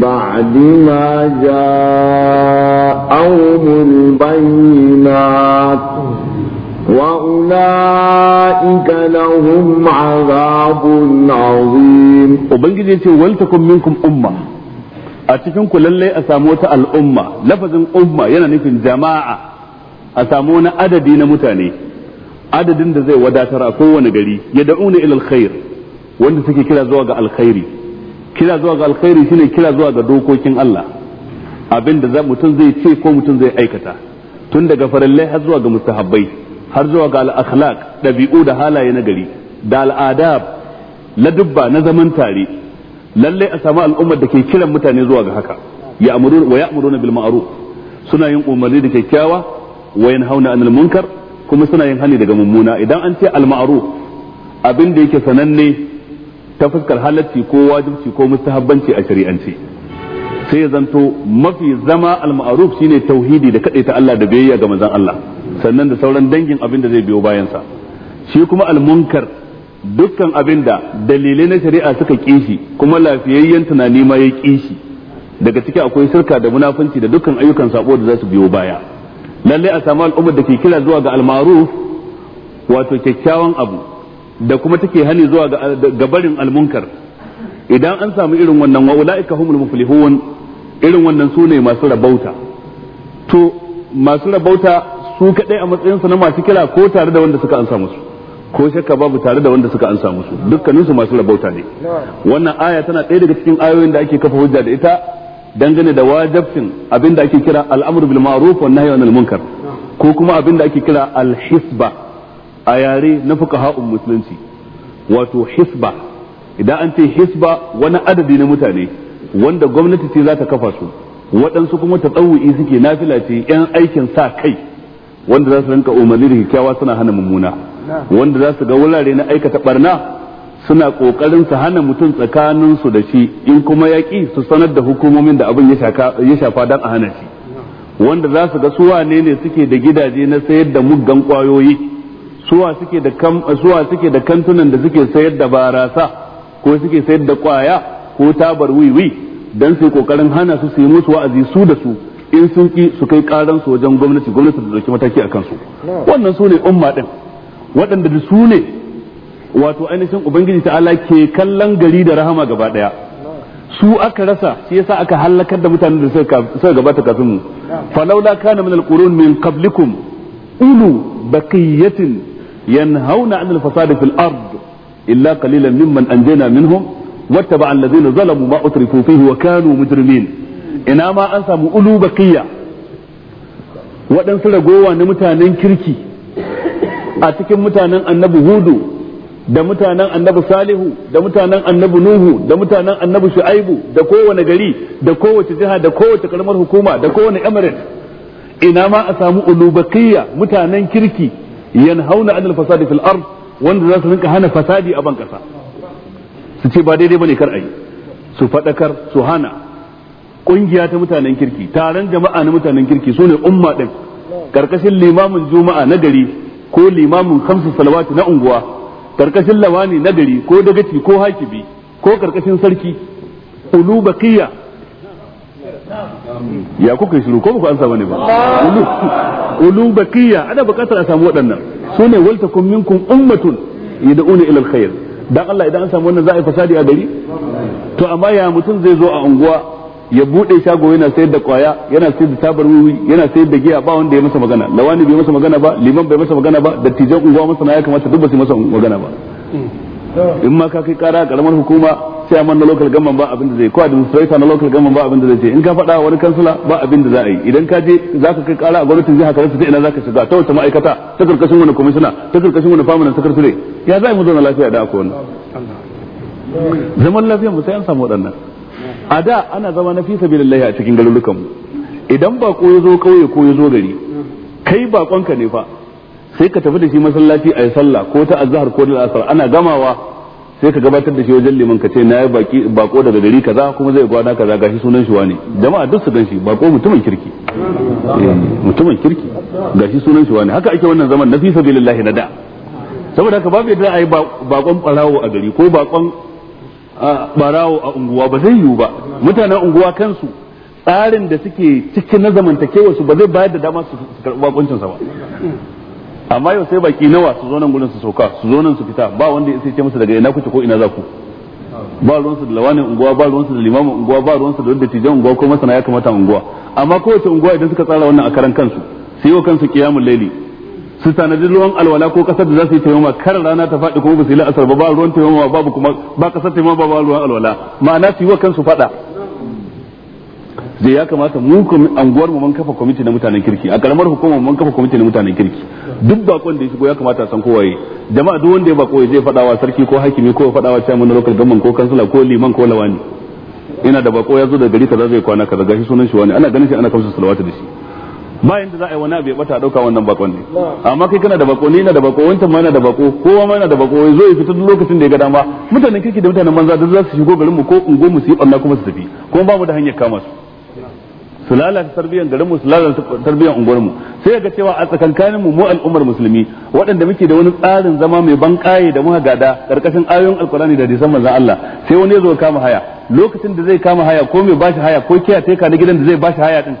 بعد ما جاءهم البينات وأولئك لهم عذاب عظيم وبنجي ولتكن منكم أمة أتكن كل اللي أسامو الأمة لفظ أمة يعني lafazin جماعة a samu wani adadi na mutane adadin da zai wadatar a kowane gari ya da'una ila alkhair wanda suke kira zuwa ga alkhairi kira zuwa ga alkhairi shine kira zuwa ga dokokin Allah abinda da mutum zai ce ko mutum zai aikata tun daga farallai har zuwa ga mustahabbai har zuwa ga al-akhlaq dabi'u da halaye na gari da al'adab dubba na zaman tare lallai a samu al'ummar da ke kiran mutane zuwa ga haka ya wa ya'muruna bil ma'ruf suna yin umarni da kyakkyawa wa yanhauna anil munkar kuma suna yin hani daga mummuna idan an ce al ma'ruf abin da yake sananne ta fuskar halacci ko wajibci ko mustahabbanci a shari'ance sai ya zanto mafi zama al ma'ruf shine tauhidi da ta Allah da biyayya ga manzon Allah sannan da sauran dangin abin da zai biyo bayansa shi kuma al munkar dukkan abin da dalilai na shari'a suka kishi kuma lafiyayyen tunani ma ya kishi daga ciki akwai shirka da munafunci da dukkan ayyukan sabo da za su biyo baya lalle a samu al'ummar da ke kira zuwa ga almaruf wato kyakkyawan abu da kuma take hani zuwa ga barin almunkar idan an samu irin wannan wa ulaika humul muflihun irin wannan su ne masu rabauta to masu rabauta su kadai a matsayin su na masu kira ko tare da wanda suka ansa musu ko shakka babu tare da wanda suka ansa musu dukkaninsu masu rabauta ne wannan aya tana ɗaya daga cikin ayoyin da ake kafa hujja da ita dangane da wajabcin abinda ake kira Al'amur bil ma'ruf wa nahyi munkar ko kuma abin da ake kira al-hisba a yare na fuqaha'un musulunci wato hisba idan an ce hisba wani adadi na mutane wanda gwamnati ce za ta kafa su waɗansu kuma tatawu'i suke nafila ce yan aikin sa kai wanda za su rinka umarni da kyakkyawa suna hana mummuna wanda za su ga wurare na aikata barna suna kokarin su hana mutum tsakanin su da shi in kuma yaki su sanar da hukumomin da abin ya shafa dan a hana shi wanda za su ga su wane ne suke da gidaje na sayar da muggan kwayoyi suwa suke da kantunan da suke sayar da barasa ko suke sayar da kwaya ko tabar wiwi dan su kokarin hana su su musu wa'azi su da su in sun ki su kai karan su wajen gwamnati gwamnati da dauki mataki akan su wannan su ne umma din waɗanda su ne wato ainihin ubangiji ta allah ke kallon gari da rahama gaba daya su aka rasa shi yasa aka halakar da mutanen da suka gabata kafin mu falaula kana min alqurun min qablikum ulu baqiyatin yanhauna 'anil fasadi fil ard illa qalilan mimman anjayna minhum wattaba alladhina zalamu ma utrifu fihi wa kanu mujrimin ina ma an samu ulu baqiya waɗansu ragowa na mutanen kirki a cikin mutanen annabi hudu da mutanen annabi salihu da mutanen annabi nuhu da mutanen annabi shu'aibu da kowane gari da kowace jiha da kowace karamar hukuma da kowane emirate ina ma a samu ulubakiyya mutanen kirki yanhauna anil fasadi fil ard wanda za su rinka hana fasadi a ban kasa su ce ba daidai bane kar ayi su fadakar su hana kungiya ta mutanen kirki taron jama'a na mutanen kirki sune umma din karkashin limamin juma'a na gari ko limamin khamsu salawati na unguwa karkashin lawani na gari ko dagaci ko hakibi ko karkashin sarki ulu baqiya ya kuka shiru ko ku ansa bane ba ulu ulu baqiya ana bukatar a samu waɗannan sune waltakum minkum ummatun yad'una ila alkhair dan Allah idan an samu wannan za a yi fasadi a gari to amma ya mutum zai zo a unguwa ya bude shago yana sayar da kwaya yana sayar da tabar wiwi yana sayar da giya ba wanda ya masa magana lawani bai masa magana ba liman bai masa magana ba dattijan unguwa na ya kamata duk ba su masa magana ba hmm. in ma ka kai kara a karamar hukuma sai a na local government ba abin da zai ko a demonstrator na local government ba abin da zai ce in ka faɗa wani kansula ba abin da za a yi idan ka je za ka kai kara a gwamnatin jiha kamar ta ina za ka shiga ta wata ma'aikata ta karkashin wani kwamishina ta karkashin wani famanin sakatare ya za a yi mu zauna lafiya da aka wani zaman lafiya mu sai an samu waɗannan a da ana zama na fi sabilillahi a cikin garurukan idan bako ya zo kauye ko ya zo gari kai bakonka ne fa sai ka tafi da shi masallaci a sallah ko ta azhar ko da asar ana gamawa sai ka gabatar da shi wajen liman ka ce na yi baki bako daga gari kaza kuma zai gwana kaza gashi sunan shi wane jama'a duk su gan shi bako mutumin kirki eh, mutumin kirki gashi sunan shi wane haka ake wannan zaman na fi sabilillahi na da saboda haka babu yadda a yi bakon barawo a gari ko bakon barawo a unguwa ba zai yiwu ba mutanen unguwa kansu tsarin da suke cikin na zamantakewa su ba zai bayar da dama su karɓi bakuncin sa ba amma yau sai baki nawa su zo nan gurin su sauka su zo nan su fita ba wanda ya sai ce musu daga ina kuce ko ina za ku ba su da lawanin unguwa ba su da limamin unguwa ba su da wanda tijan unguwa ko masana ya kamata unguwa amma kowace unguwa idan suka tsara wannan a karan kansu sai yau kansu kiyamul laili su tanadi ruwan alwala ko kasar da za su yi taimama kar rana ta faɗi kuma ba su yi la'asar ba ba ruwan taimama babu kuma ba kasar taimama ba ruwan alwala ma'ana su yi wa kansu faɗa zai ya kamata mu anguwar mu mun kafa kwamiti na mutanen kirki a karamar hukumar mun kafa kwamiti na mutanen kirki duk bakon da ya shigo ya kamata san kowa yi jama'a duk wanda ya bako ya zai faɗa wa sarki ko hakimi ko faɗa wa chairman na local government ko kansila ko liman ko lawani ina da bako ya zo da gari kaza zai kwana kaza gashi sunan shi wani ana ganin shi ana kamsa salawatu da shi ba yanda za a yi wani abu ya bata dauka wannan bakon ne amma kai kana da bako ni na da bako wancan ma yana da bako kowa ma yana da bako zo ya fita duk lokacin da ya ga dama mutanen kirki da mutanen banza duk za su shigo garin mu ko ungo mu su yi barna kuma su tafi kuma ba mu da hanyar kama su su lalata tarbiyyar garin mu su lalata tarbiyyar unguwar mu sai ga cewa a tsakankanin mu mu al'ummar musulmi waɗanda muke da wani tsarin zama mai ban kaye da muka gada karkashin ayoyin alkurani da hadisan manzon Allah sai wani ya zo kama haya lokacin da zai kama haya ko mai bashi haya ko kiyaye ka na gidan da zai bashi haya din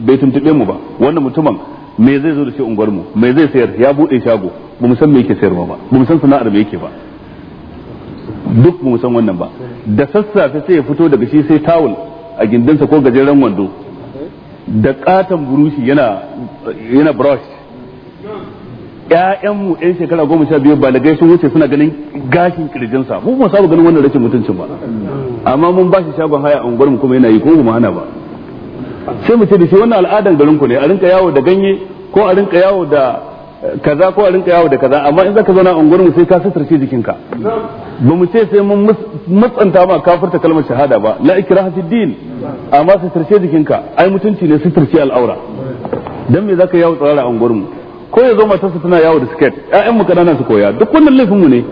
bai tuntube mu ba wannan mutumin me zai zo da shi unguwar mu me zai sayar ya bude shago mu san me yake sayarwa ba mu san sana'ar me yake ba duk mu san wannan ba da sassafe sai ya fito daga shi sai tawul a gindinsa ko gajeren wando da katon burushi yana yana brush ƴaƴanmu ƴan shekara goma sha biyu ba daga sun wuce suna ganin gashin kirjinsa mu ba sabu ganin wannan rashin mutuncin ba amma mun ba shi shagon haya a unguwar mu kuma yana yi ko mu hana ba sai mu ce da shi wannan al'adan garin ku ne a rinka yawo da ganye ko a rinka yawo da eh, kaza ko a rinka yawo da kaza amma in zaka zauna a unguwar mu sai ka suturce jikinka ba mu ce sai mun matsanta ma kafirta kalmar shahada ba la ikraha fid din amma suturce jikinka ai mutunci ne suturce al'aura dan me zaka yawo tsara a unguwar mu ko ya zo su tana yawo da skirt ƴaƴan mu kanana su koya duk wannan laifin mu ne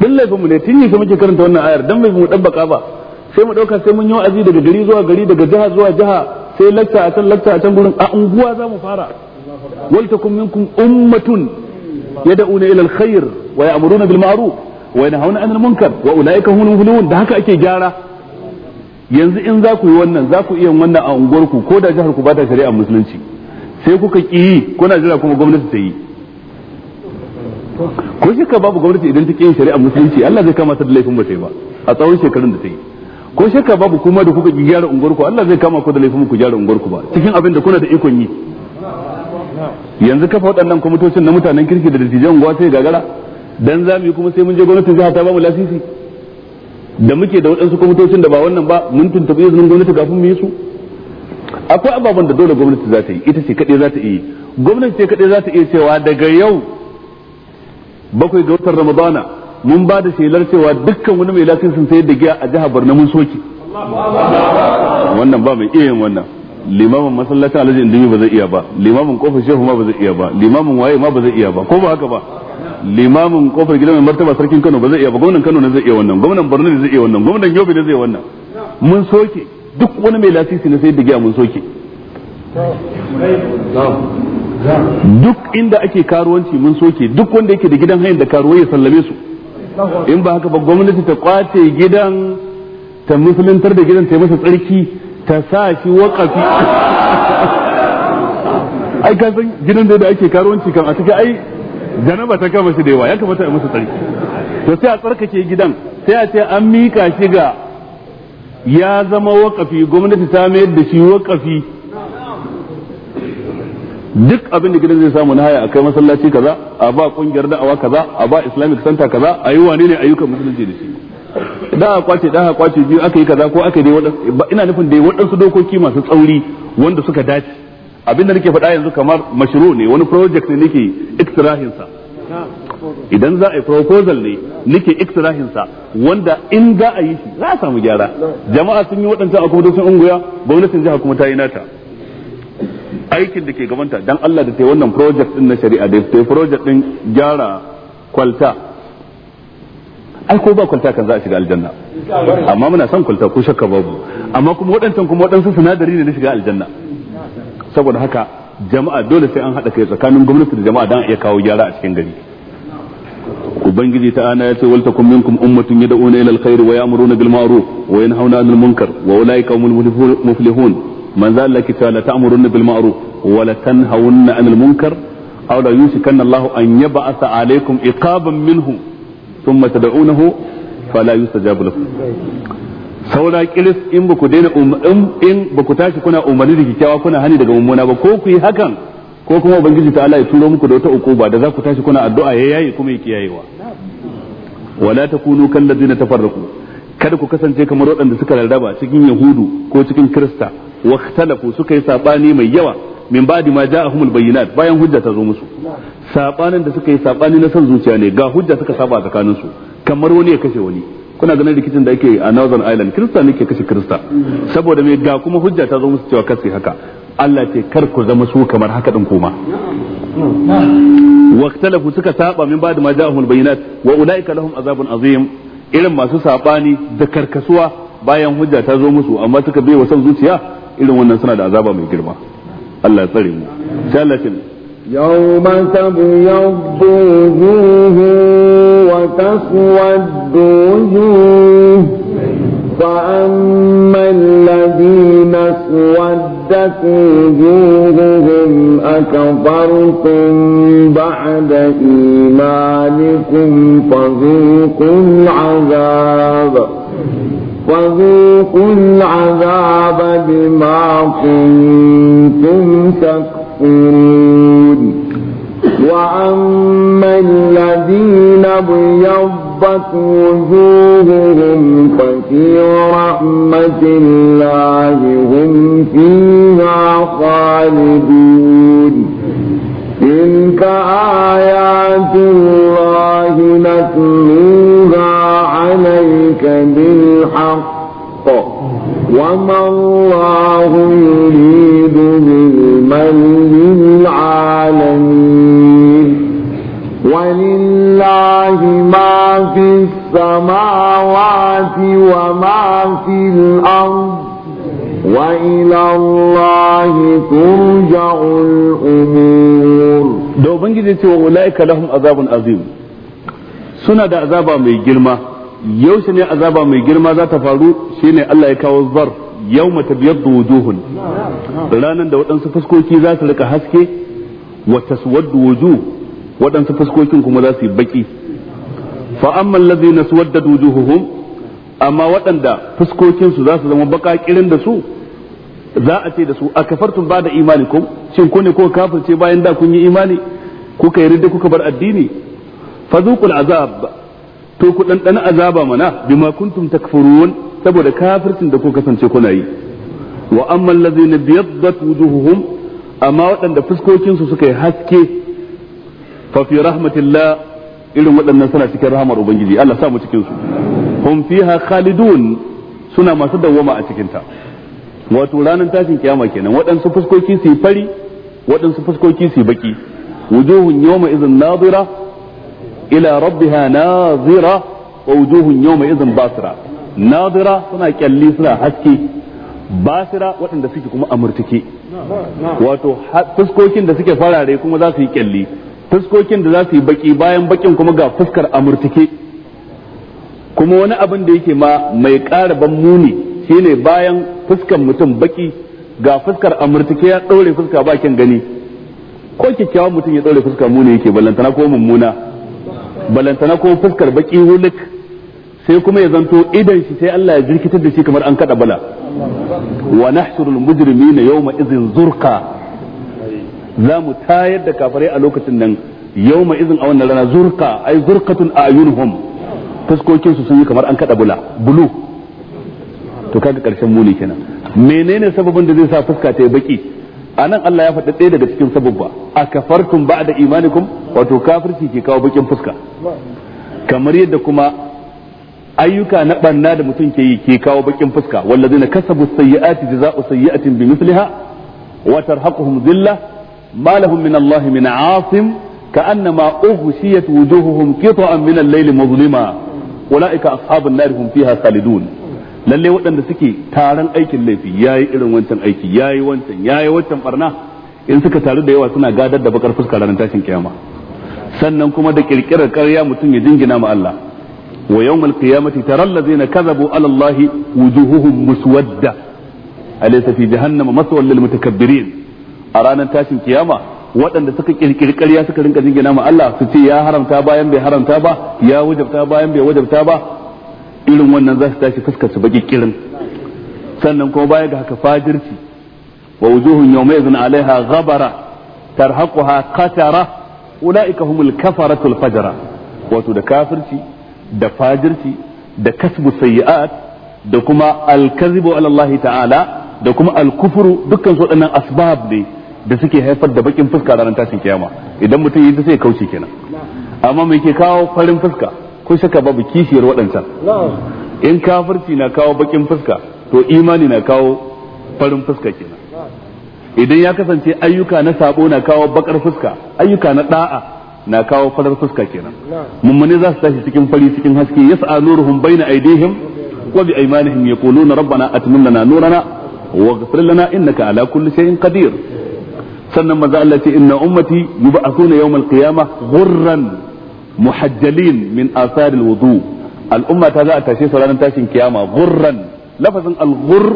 duk laifin mu ne tun yi muke karanta wannan ayar dan me mu dabbaka ba sai mu dauka sai mun yi wa'azi daga gari zuwa gari daga jiha zuwa jiha sai lakta a can lakta a can gurin a unguwa za mu fara wal takum minkum ummatun yad'una ila alkhair wa ya'muruna bil ma'ruf wa yanhauna 'anil munkar wa ulaika humul muhlihun da haka ake gyara yanzu in za ku yi wannan za ku iya wannan a unguwarku ko da jihar ku ba ta shari'ar musulunci sai kuka ki yi kuna jira kuma gwamnati ta yi ko shakka babu gwamnati idan ta ki yin shari'a musulunci Allah zai kama ta da laifin ba sai ba a tsawon shekarun da ta yi ko shakka babu kuma da kuka gyara ungwarku Allah zai kama ku da laifin ku gyara ungwarku ba cikin abin da kuna da ikon yi yanzu kafa waɗannan kwamitocin na mutanen kirki da dattijan unguwa sai gagara dan za mu yi kuma sai mun je gwamnati jiha ta ba mu lasisi da muke da waɗansu kwamitocin da ba wannan ba mun tuntuɓi izinin gwamnati kafin mu yi su akwai ababen da dole gwamnati za ta yi ita ce kaɗai za ta iya gwamnati ce kaɗai za ta iya cewa daga yau bakwai ga watan ramadana mun ba da shelar cewa dukkan wani mai lasisin sayar da giya a jihar Borno mun soke wannan ba mai iya yin wannan limamin masallacin alhaji indimi ba zai iya ba limamin kofar shehu ma ba zai iya ba limamin waye ma ba zai iya ba ko ba haka ba limamin kofar gidan mai martaba sarkin Kano ba zai iya ba gwamnan Kano ne zai iya wannan gwamnan Borno ne zai iya wannan gwamnan Yobe ne zai wannan mun soke duk wani mai lasisi na sayar da giya mun soke duk inda ake karuwanci mun soke duk wanda yake da gidan hayan da karuwai ya sallame su in ba haka ba gwamnati ta kwace gidan ta musuluntar da gidan ta yi masa tsarki ta sa shi waƙafi ai ka san gidan da ake karuwanci kan a ciki ai janaba ta kama shi da yawa ya kamata a masa tsarki to sai a tsarkake gidan sai a ce an mika shi ga ya zama waƙafi gwamnati ta mayar da shi waƙafi duk abin da gidan zai samu na haya a kai masallaci kaza a ba kungiyar da'awa kaza a ba islamic center kaza a yi wane ne ayyukan musulunci da shi da a kwace da a kwace biyu aka yi kaza ko aka yi dai ina nufin dai waɗansu dokoki masu tsauri wanda suka dace abin da nake faɗa yanzu kamar mashru ne wani project ne nake iktirahin sa idan za a yi proposal ne nake iktirahin sa wanda in za a yi shi za a samu gyara jama'a sun yi waɗancan akwai sun unguya gwamnatin jiha kuma ta yi nata aikin da ke gabanta dan Allah da ta yi wannan project din na shari'a da ta yi project din gyara kwalta ai ko ba kwalta kan za a shiga aljanna amma muna son kwalta ko shakka babu amma kuma waɗancan kuma waɗansu sinadari ne na shiga aljanna saboda haka jama'a dole sai an haɗa kai tsakanin gwamnati da jama'a dan iya kawo gyara a cikin gari ubangiji ta ana ya ce wal takum minkum ummatun yad'una ila alkhair wa ya'muruna bil ma'ruf wa yanhauna 'anil munkar wa ulaika humul muflihun manzo Allah ke cewa la ta'murunna bil ma'ruf wa la tanhawunna 'anil munkar aw la yushikanna Allahu an yab'atha 'alaykum iqaban minhu thumma tad'unahu saura kiris in ba ku daina in ba ku tashi kuna umarni da kyakkyawa kuna hani daga mummuna ba ko ku yi hakan ko kuma ubangiji ta Allah ya turo muku da wata ukuba da za ku tashi kuna addu'a ya yayi kuma ya kiyayewa wala takunu kal ladina tafarraqu kada ku kasance kamar waɗanda suka rarraba cikin yahudu ko cikin kirista واختلفوا سكي ساباني من يوى min ba'di ma ja'ahumul bayyinat bayan hujja ta zo musu sabanin da suka yi sabani na san zuciya ne ga hujja suka saba tsakanin su kamar wani ya kashe wani kuna ganin rikicin da ake a Northern Ireland Kirista ne ke kashe Kirista saboda me ga kuma hujja ta zo musu cewa kasi haka Allah ce kar ku zama su kamar haka din kuma waktalafu suka saba min ba'di ma a bayyinat wa ulaika lahum azabun irin masu sabani da karkasuwa bayan hujja ta zo musu amma suka bai wa san zuciya irin wannan suna da azaba mai girma Allah ya tsare mu talatin يوم تبيض وجوه وتسود وجوه فأما الذين اسودت وجوههم أكفرتم بعد إيمانكم فذوقوا العذاب وذوقوا العذاب بما كنتم تكفرون وأما الذين ابيضت وجوههم ففي رحمة الله هم فيها خالدون تلك آيات الله نتلوها عليك بالحق وما الله يريد ظلما للعالمين ولله ما في السماوات وما في الأرض وإلى الله ترجع الأمور دو بنجي وأولئك لهم عذاب عظيم suna da azaba mai girma yaushe ne azaba mai girma za ta faru shine Allah ya kawo zar yawma tabyaddu wujuhun Ranar da waɗansu fuskoki za su rika haske wa taswaddu wujuh waɗansu fuskokin kuma za su yi baki fa amma allazina suwaddat amma waɗanda fuskokin su za su zama baka kirin da su za a ce da su akafartum ba da imanikum shin ko ne ko kafirce bayan da kun yi imani kuka yi ridda kuka bar addini fazuqul azab to ku dan azaba mana bima kuntum takfurun saboda kafircin da ku kasance kuna yi wa amma allazina biyaddat wujuhuhum amma waɗanda fuskokin su suka yi haske fa fi rahmatillah irin waɗannan suna cikin rahmar ubangiji Allah sa mu cikin su hum fiha khalidun suna masu dawwama a cikin ta wato ranar tashin kiyama kenan waɗansu fuskoki su yi fari waɗansu fuskoki su yi baki wujuhun yawma izin nazira ila rabbiha nazira wa wujuhun yawma izin basira nazira suna kyalli suna haske basira waɗanda suke kuma amurtike wato fuskokin da suke farare kuma za su yi kyalli fuskokin da za su yi baki bayan bakin kuma ga fuskar amurtike kuma wani abin da yake ma mai ƙara ban muni shine bayan fuskan mutum baki ga fuskar amurtuke ya ɗaure fuska bakin gani ko kyakkyawan mutum ya ɗaure fuska mu ne yake ballantana ko mummuna ballantana ko fuskar baki hulik sai kuma ya zanto idan shi sai Allah ya jirkitar da shi kamar an kada bala wa nahsurul mujrimina yawma idhin zurqa za mu tayar da kafirai a lokacin nan yawma idhin a wannan rana zurqa ay zurqatun ayunhum fuskokin su sun yi kamar an kada bula bulu to kaga karshen muni kenan menene sababin da zai sa fuska ta yi baki anan Allah ya faɗa ɗaya daga cikin sababba a kafartum da imanikum wato kafirci ke kawo bakin fuska kamar yadda kuma ayyuka na banna da mutum ke yi ke kawo bakin fuska wallazina kasabu sayyi'ati jazaa'u sayyi'atin bimithliha wa tarhaquhum dhillah ma lahum min Allah min 'asim كأنما أغشيت وجوههم قطعا من الليل مظلما أولئك أصحاب النار hum fiha salidun. lalle waɗanda suke taron aikin laifi yi irin wancan aiki yayi wancan yayi wancan barna in suka taru da yawa suna gadar da bakar fuska ranar tashin kiyama sannan kuma da kirkirar karya mutum ya jingina ma Allah wa yawmal qiyamati taral ladzina kadhabu ala Allah wujuhuhum muswadda alaysa fi jahannama maswal lil mutakabbirin a ranar tashin kiyama waɗanda suka kirkiri karya suka rinka jingina ma Allah su ce ya haramta bayan bai haramta ba ya wajabta bayan bai wajabta ba irin wannan za su tashi fuskar su baki kirin sannan kuma baya ga haka fajirci wa wujuhun yawma idhin alaiha ghabara tarhaquha qatara ulaika humul kafaratul fajara wato da kafirci da fajirci da kasbu sayyi'at da kuma alkazibu ala Allah ta'ala da kuma alkufuru dukkan su waɗannan asbab ne da suke haifar da bakin fuska ranar tashin kiyama idan mutum yi ta sai kauce kenan amma me ke kawo farin fuska ko saka babu kishiyar waɗancan in kafirci na kawo bakin fuska to imani na kawo farin fuska kenan idan ya kasance ayyuka na sabo na kawo bakar fuska ayyuka na da'a na kawo farar fuska kenan mummune za su tashi cikin fari cikin haske yas'a nuruhum baina aydihim wa bi aymanihim yaquluna rabbana na. lana nurana waghfir lana innaka ala kulli shay'in qadir sannan maza Allah ce inna ummati yub'athuna yawmal qiyamah ghurran muhajjalin min asaril wudu al'umma ta za a tashe su ranar tashin kiyama gurran lafazin al-ghur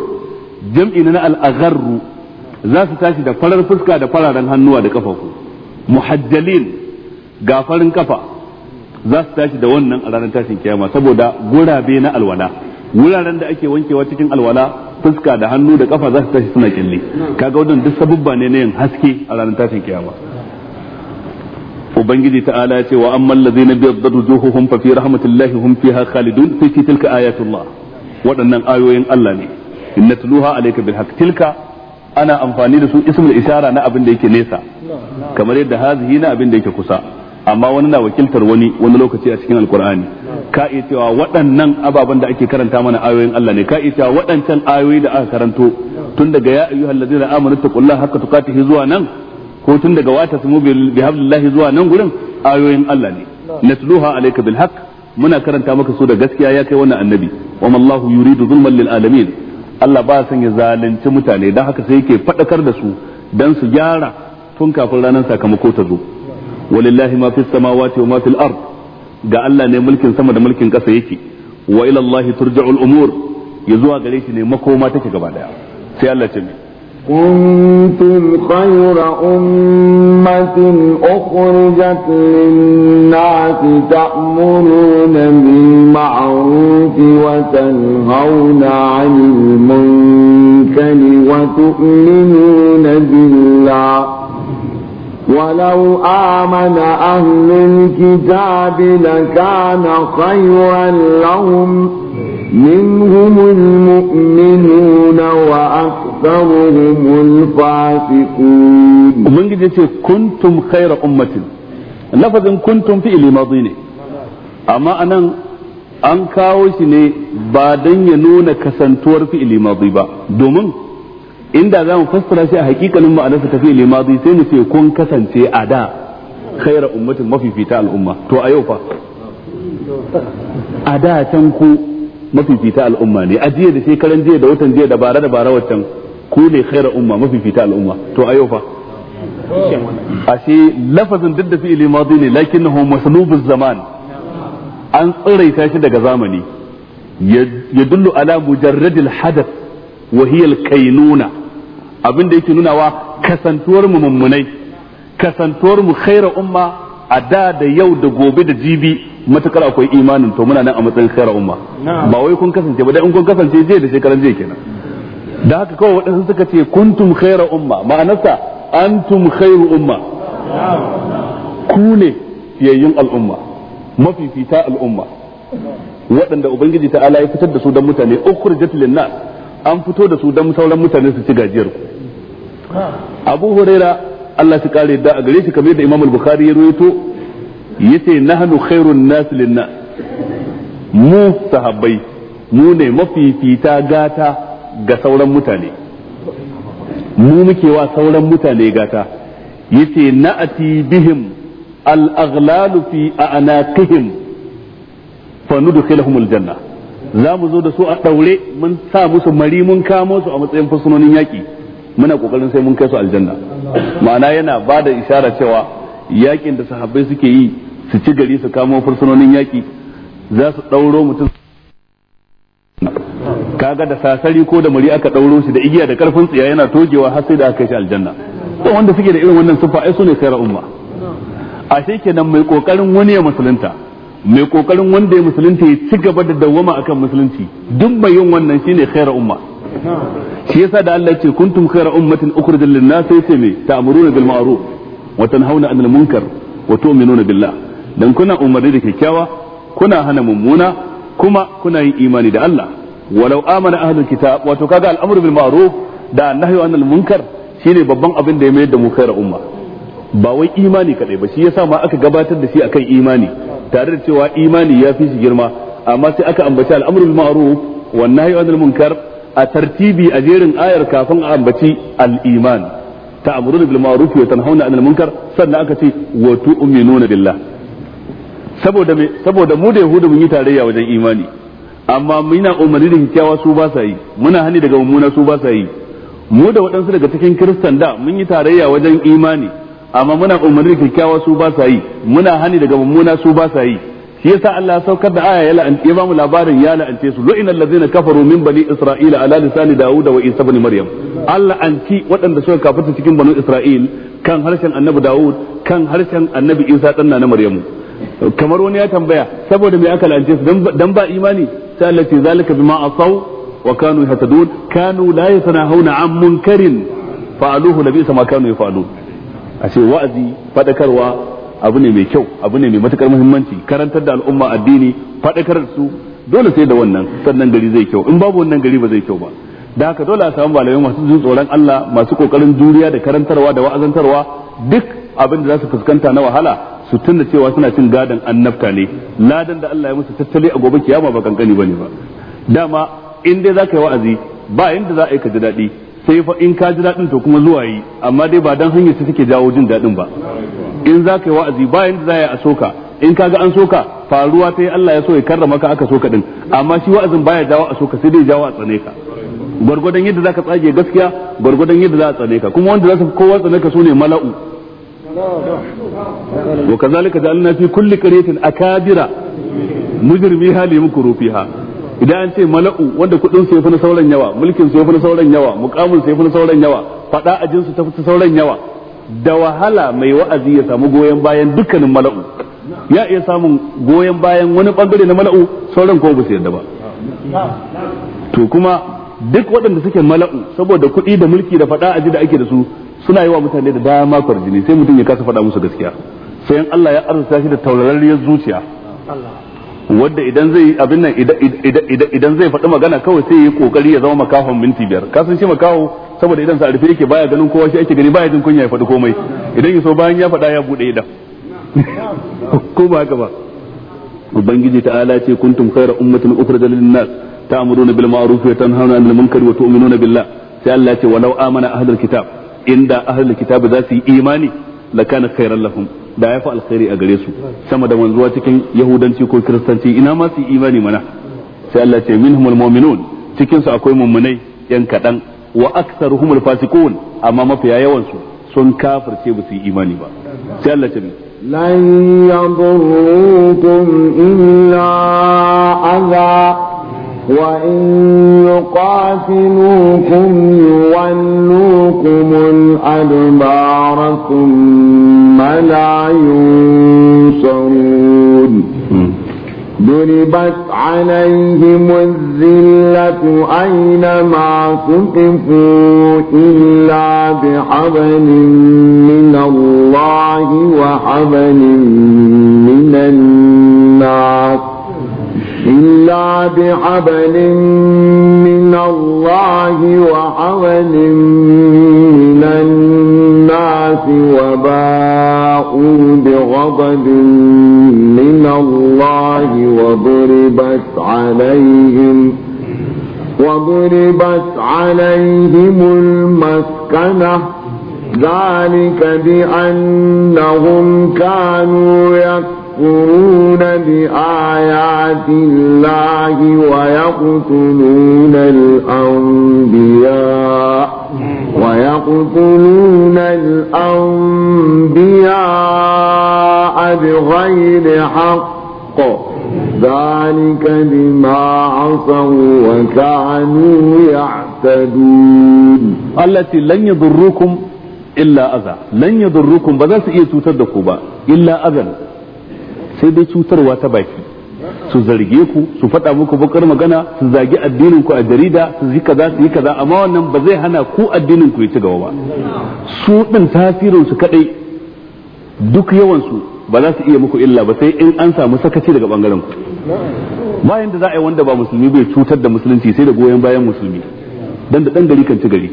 jam'i na al-agharru za su tashi da farar fuska da fararen hannuwa da kafafu muhajjalin ga farin kafa za su tashi da wannan a ranar tashin kiyama saboda gurabe na alwala wuraren da ake wankewa cikin alwala fuska da hannu da kafa za su tashi suna kille kaga wannan duk sabubba ne na yin haske a ranar tashin kiyama ubangiji ta'ala ya ce wa amman ladzina biyaddat wujuhuhum fa fi rahmatillahi hum fiha khalidun sai ce tilka ayatullah waɗannan ayoyin Allah ne inna tuluha alayka bil haqq tilka ana amfani da su ismul ishara na abin da yake nesa kamar yadda hazihi na abin da yake kusa amma wani na wakiltar wani wani lokaci a cikin alkur'ani ka iya cewa waɗannan ababen da ake karanta mana ayoyin Allah ne ka iya cewa waɗancan ayoyi da aka karanto tun daga ya ayyuhal ladzina amanu taqullaha haqqa tuqatih zuwa nan ko tun daga wata mu bi hablillahi zuwa nan gurin ayoyin Allah ne natluha alayka bil haqq muna karanta maka su da gaskiya ya kai wannan annabi wa mallahu yuridu zulman lil alamin Allah ba son ya zalunci mutane dan haka sai yake fadakar da su dan su gyara tun kafin ranar sakamako ta zo walillahi ma fis samawati wa ma fil ard ga Allah ne mulkin sama da mulkin kasa yake wa ila Allah turja'ul umur ya zuwa gare shi ne makoma take gaba daya sai Allah ce mai كنتم خير أمة أخرجت للناس تأمرون بالمعروف وتنهون عن المنكر وتؤمنون بالله ولو آمن أهل الكتاب لكان خيرا لهم منهم المؤمنين aksaruhumul fasiqun ubangiji ce kuntum khayra ummatin lafazin kuntum fi madi ne amma anan an kawo shi ne ba dan ya nuna kasantuwar fi'ili madi ba domin inda za mu fassara shi a hakikanin ma'anarsa ta fi'ili madi sai mu ce kun kasance a da khayra ummatin mafifita al'umma to a yau fa a da can ku mafifita al'umma ne a jiya da shekaran jiya da watan jiya da bara da bara waccan ku ne khairar umma mafifita al'umma to a yau fa ashe lafazin duk da fi'ili madi ne lakinnahu maslubuz zaman an tsiraita shi daga zamani ya yadullu ala mujarradil hadath wa hiya al-kainuna abinda yake nunawa kasantuwar mu mummunai kasantuwar mu khairar umma a da da yau da gobe da jibi matukar akwai imanin to muna nan a matsayin khairar umma ba wai kun kasance ba dai in kun kasance je da shekaran je kenan da haka kawai waɗansu suka ce kuntum khaira umma ma'anarsa antum khairu umma ku ne fiyayyun al'umma mafifita al'umma waɗanda ubangiji ta ala ya fitar da su don mutane ukhrijat linnas an fito da su don sauran mutane su ci gajiyar ku abu huraira Allah shi kare da a gare shi kamar da imam al-bukhari ya ruwaito yace nahnu khairun nas linnas mu sahabbai mu ne mafifita gata ga sauran mutane mu muke wa sauran mutane gata yace na'ati bihim al-aghlalu fi a'naqihim fa nudkhiluhum al-janna za mu zo da su a daure mun sa musu mari mun kamo su a matsayin fasunonin yaki muna kokarin sai mun kai su aljanna ma'ana yana ba da isharar cewa yakin da sahabbai suke yi su ci gari su kamo fursunonin yaki za su ɗauro mutum kaga da sasari ko da muri aka ɗauro shi da igiya da karfin tsiya yana togewa har sai da aka shi aljanna to wanda suke da irin wannan sifa ai sune khairu umma ashe kenan mai kokarin wani ya musulunta mai kokarin wanda ya musulunta ya ci gaba da dawwama akan musulunci duk mai yin wannan shine khairu umma shi yasa da Allah ce kuntum khairu ummatin ukhrijal lin-nas sai sai me ta'muruna bil ma'ruf wa tanhauna 'anil munkar wa tu'minuna billah dan kuna umarni da kyakkyawa kuna hana mummuna kuma kuna yin imani da Allah walau amana ahlul kitab wato kaga al'amru bil ma'ruf da nahyu anil munkar shine babban abin da ya mayar da mu khairu umma ba wai imani kaɗai ba shi sa ma aka gabatar da shi akan imani tare da cewa imani ya fi shi girma amma sai aka ambaci al'amru bil ma'ruf wan nahyu anil munkar a tartibi a jerin ayar kafin a ambaci al-iman ta'muruna bil ma'ruf wa tanhauna anil munkar sannan aka ce wa tu'minuna billah saboda saboda mu da yahudu mun yi tarayya wajen imani amma muna umarni da kyakkyawa su ba sa yi muna hani daga mummuna su ba sa yi mu da waɗansu daga cikin kiristan da mun yi tarayya wajen imani amma muna umarni da kyakkyawa su ba sa yi muna hani daga mummuna su ba sa yi shi yasa Allah ya saukar da aya ya la'anci ba mu labarin ya la'ance su lu'ina allazina kafaru min bani isra'ila ala lisani daud wa isa ibn maryam Allah ci waɗanda suka kafirta cikin bani isra'il kan harshen annabi daud kan harshen annabi isa dan na maryamu kamar wani ya tambaya saboda mai aka lance su dan ba imani ta Allah zalika bima asaw wa kanu yahtadun kanu la yatanahuna an munkarin fa'aluhu nabi sama kanu yafalun a ce wa'azi fadakarwa abu ne mai kyau abu ne mai matukar muhimmanci karantar da al'umma addini fadakar su dole sai da wannan sannan gari zai kyau in babu wannan gari ba zai kyau ba da haka dole a samu malamai masu jin tsoron Allah masu kokarin juriya da karantarwa da wa'azantarwa duk abin da za su fuskanta na wahala su tunda cewa suna cin gadon annabta ne ladan da Allah ya musu tattali a gobe kiyama ba kankani bane ba dama in dai zaka yi wa'azi ba yanda za a yi ka ji daɗi sai fa in ka ji daɗin to kuma zuwa yi amma dai ba dan hanyar su take jawo jin daɗin ba in za ka yi wa'azi ba yanda za a yi a soka in ka ga an soka faruwa ta yi Allah ya so ya karrama ka aka soka din amma shi wa'azin baya jawo a soka sai dai jawo a tsane ka gwargwadon yadda za ka tsage gaskiya gwargwadon yadda za a tsane ka kuma wanda za su kowa tsane ka su ne mala'u wa kazalika ja'alna fi kulli qaryatin akabira mujrimiha limukuru fiha idan an ce mala'u wanda kudin su yafi na sauran yawa mulkin su yafi na sauran yawa mukamin su yafi na sauran yawa fada ajin su tafi sauran yawa da wahala mai wa'azi ya samu goyon bayan dukkanin mala'u ya iya samun goyon bayan wani bangare na mala'u sauran ko ba yarda ba to kuma duk waɗanda suke mala'u saboda kuɗi da mulki da fada aji da ake da su suna yi wa mutane da dama kwarjini sai mutum ya kasa faɗa musu gaskiya sai Allah ya arzuta shi da taurariyar zuciya wadda idan zai abin nan idan zai faɗi magana kawai sai yi kokari ya zama makahon minti biyar kasan shi makaho saboda idan sa rufe yake baya ganin kowa shi ake gani baya jin kunya ya faɗi komai idan ya so bayan ya faɗa ya buɗe idan ko ba haka ba ubangiji ta'ala ce kuntum khayra ummatin ukhrijat lin nas ta'muruna bil ma'ruf wa tanhauna 'anil munkari wa tu'minuna billah sai Allah ce walau amana ahlul kitab inda ahlul kitabi za su yi imani lakana khairan lahum da ya fi alkhairi a gare su sama da wanzuwa cikin yahudanci ko kiristanci ina ma su imani mana sai Allah ce minhumul mu'minun cikin su akwai mummunai yan kadan wa aktsaruhumul fasiqun amma mafiya yawan su sun kafirce ba su yi imani ba sai Allah ce lan yadurrukum illa adha وإن يقاتلوكم يولوكم الأدبار ثم لا ينصرون ضربت عليهم الذلة أينما ثقفوا إلا بحبل من الله وحبل من الناس إلا بعبل من الله وعبل من الناس وباءوا بغضب من الله وضربت عليهم وضربت عليهم المسكنة ذلك بأنهم كانوا يكفرون يكفرون بآيات الله ويقتلون الأنبياء ويقتلون الأنبياء بغير حق ذلك بما عصوا وكانوا يعتدون التي لن يضركم إلا أذى لن يضركم بدأت إيه تتدقوا إلا أذى sai dai cutarwa ta baki su zarge ku su faɗa muku bakar magana su zagi addinin ku a jarida su yi kaza su yi kaza amma wannan ba zai hana ku addinin ku ya ci gaba ba su din tasirin su kadai duk yawan su ba za su iya muku illa ba sai in an samu sakaci daga bangaren ku bayan da za a yi wanda ba musulmi bai cutar da musulunci sai da goyon bayan musulmi dan da dan gari kan ci gari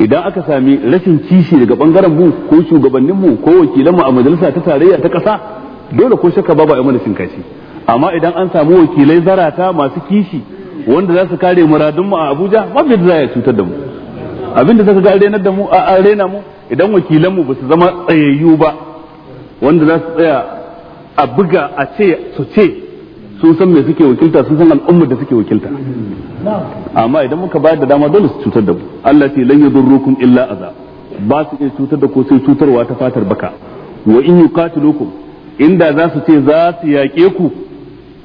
idan aka sami rashin kishi daga bangaren mu ko shugabannin mu ko wakilan mu a majalisa ta tarayya ta kasa dole ko shakka babu a mana shinkashi amma idan an samu wakilai zarata masu kishi wanda za su kare muradun mu a Abuja mafi da ya cutar da mu abinda su ga arenar da mu a arena mu idan wakilan mu ba su zama tsayayyu ba wanda za su tsaya a buga a ce su ce sun san me suke wakilta sun san al'ummar da suke wakilta amma idan muka bayar da dama dole su cutar da mu Allah ce lan yadurrukum illa azab ba su iya cutar da ko sai cutarwa ta fatar baka wa in yuqatilukum inda za su ce za su yaƙe ku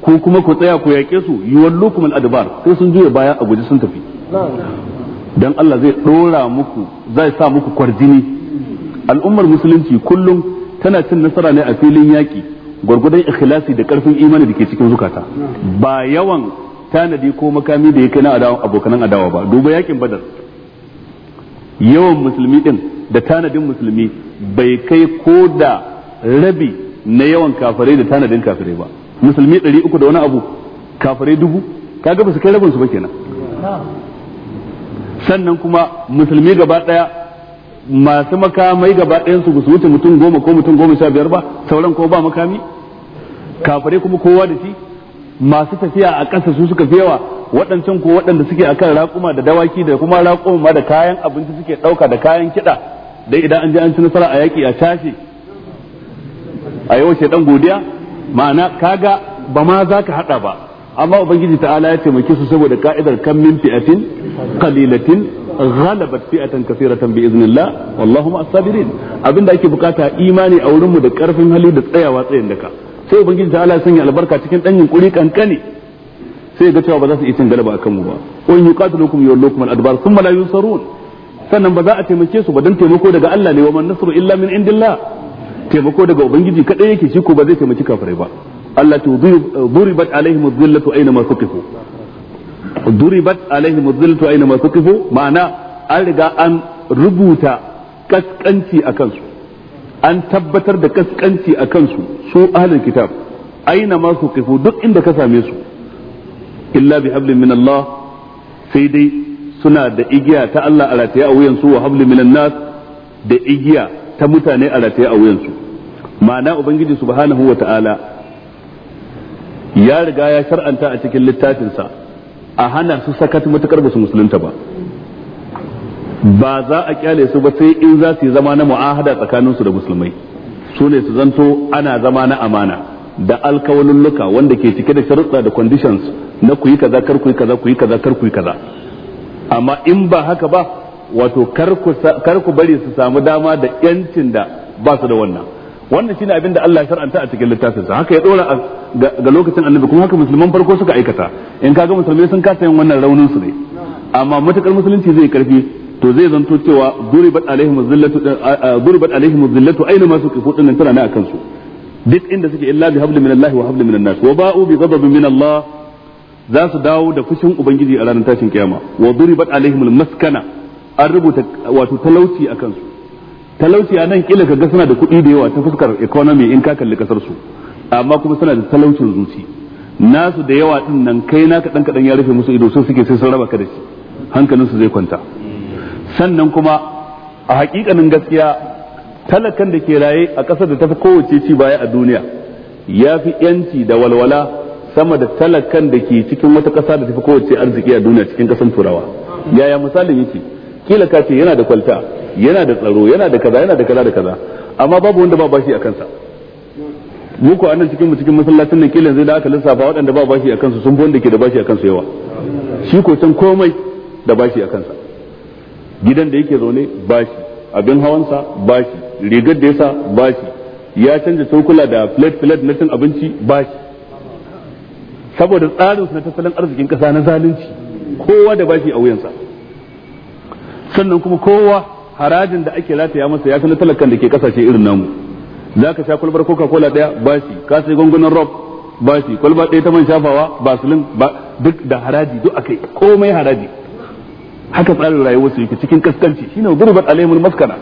ko kuma ku tsaya ku yaƙe su yuwallukum al-adbar sai sun juya baya a guji sun tafi dan Allah zai ɗora muku zai sa muku kwarjini al'ummar musulunci kullum tana cin nasara ne a filin yaƙi gwargwadon ikhlasi da ƙarfin imani da ke cikin zukata ba yawan tanadi ko makami da ya kai na abokanan adawa ba duba yaƙin badar yawan musulmi ɗin da tanadin musulmi bai kai ko da rabi na yawan kafirai da tanadin kafirai ba musulmi ɗari uku da wani abu kafirai dubu kaga ba su kai rabinsu ba kenan sannan kuma musulmi gaba ɗaya masu makamai gaba ɗayansu su wuce mutum goma ko mutum goma sha biyar ba sauran ko ba makami kafirai kuma kowa da shi masu tafiya a ƙasa su suka fi yawa waɗancan ko waɗanda suke akan raƙuma da dawaki da kuma raƙuma da kayan abinci suke ɗauka da kayan kiɗa dai idan an je an ci nasara a yaƙi a tashi a yau dan godiya ma'ana kaga ba ma za ka hada ba amma ubangiji ta'ala ya taimake su saboda ka'idar kan min fi'atin qalilatin ghalabat fi'atan kaseeratan bi iznillah wallahu ma as-sabirin abinda ake bukata imani a wurin mu da karfin hali da tsayawa tsayin daka sai ubangiji ta'ala ya sanya albarka cikin dan yunkuri kankane sai ga cewa ba za su iya cin galaba akan mu ba wa in yuqatilukum yawlukum al-adbar thumma la yunsarun sannan ba za a taimake su ba dan taimako daga Allah ne wa man nasru illa min indillah taimako daga ubangiji kadai yake shi ko ba zai taimaki kafirai ba Allah to duribat alaihim dhillatu aina ma suqifu duribat alaihim dhillatu aina ma suqifu ma'ana an riga an rubuta kaskanci a kansu an tabbatar da kaskanci a kansu su ahlul kitab aina ma suqifu duk inda ka same su illa bi hablin min Allah sai dai suna da igiya ta Allah a rataye a wuyan su wa hablin minan nas da igiya ta mutane a rataye a wuyansu ma'ana ubangiji subhanahu wa ta'ala ya riga ya shar'anta a cikin littafinsa a hana su sakat matukar ba su musulunta ba ba za a kyale su ba sai in za su yi zama na mu'ahada tsakanin su da musulmai su ne su zanto ana zama na amana da alkawalulluka wanda ke cike da sharuɗa da conditions na ku yi kaza kar ku yi kaza ku yi kaza kar ku yi kaza amma in ba haka ba wato kar ku bari su samu dama da yancin da ba su da wannan wannan shine abin da Allah ya shar'anta a cikin littafin sa haka ya dora ga lokacin annabi kuma haka musulman farko suka aikata in kaga musulmai sun kasa yin wannan raunin su ne amma matukar musulunci zai karfi to zai zanto cewa duribat alaihim zillatu eh, eh, duribat alaihim zillatu aina ma suke fudin nan tana na akan su duk inda suke illa bi hablin min Allah wa hablin min nas wa ba'u bi ghadabin min Allah za su dawo da fushin ubangiji a ranar tashin kiyama wa duribat alaihim maskana an rubuta wato talauci a kansu talauci a nan kila kaga suna da kuɗi da yawa ta fuskar economy in ka kalli kasar su amma kuma suna da talaucin zuci nasu da yawa din nan kai naka dan kadan ya rufe musu ido sun suke sai sun raba ka da shi hankalin su zai kwanta sannan kuma a hakikanin gaskiya talakan da ke raye a ƙasar da tafi kowace ci baya a duniya ya fi yanci da walwala sama da talakan da ke cikin wata ƙasa da tafi kowace arziki a duniya cikin ƙasan turawa yaya misalin yake kila ka yana da kwalta yana da tsaro yana da kaza yana da kaza da kaza amma babu wanda ba bashi a kansa mu ko annan cikin mu cikin masallacin nan kila yanzu da aka lissafa waɗanda ba bashi a kansu sun fi wanda ke da bashi a kansu yawa shi ko san komai da bashi a kansa gidan da yake zaune bashi abin hawansa bashi rigar da yasa bashi ya canza cokula da plate plate na cin abinci bashi saboda tsarin su na tattalin arzikin kasa na zalunci kowa da bashi a wuyansa sannan kuma kowa harajin da ake lataya masa ya sanar talakan da ke kasashe irin namu za ka sha kwalbar coca cola daya ba shi ka sai gungunan rock ba shi kwalba ɗaya ta man shafawa basilin ba duk da haraji duk akai komai haraji haka tsarin rayuwar su yake cikin kaskanci shine gurbat alaimul maskana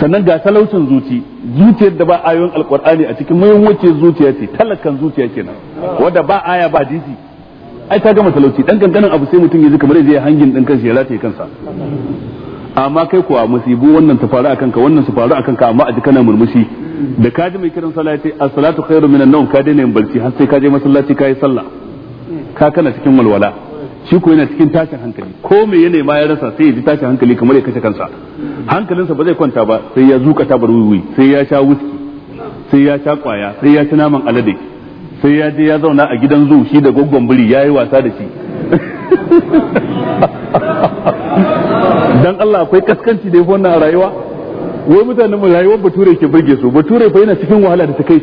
sannan ga talaucin zuci zuciyar da ba ayoyin alkur'ani a cikin muhimmancin zuciya ce talakan zuciya kenan wanda ba aya ba hadisi ai ta gama talauci dan kankanin abu sai mutum ya ji kamar zai hangin dan kansa ya rataye kansa amma kai kuwa musibu wannan ta faru akan ka wannan su faru akan ka amma a ji kana murmushi da ka ji mai kiran sallah sai as-salatu khairu minan nawm ka daina yin barci har sai ka je masallaci ka yi sallah ka kana cikin walwala shi ko yana cikin tashin hankali ko me yana ma ya rasa sai ya ji tashin hankali kamar ya kashe kansa hankalinsa ba zai kwanta ba sai ya zuka tabar wiwi sai ya sha wuski sai ya sha kwaya sai ya ci naman alade sai ya je ya zauna a gidan zu shi da gwaggon biri ya yi wasa da shi dan Allah akwai kaskanci da yafi wannan a rayuwa wai mutanen mu rayuwar bature ke burge su bature fa yana cikin wahala da shi.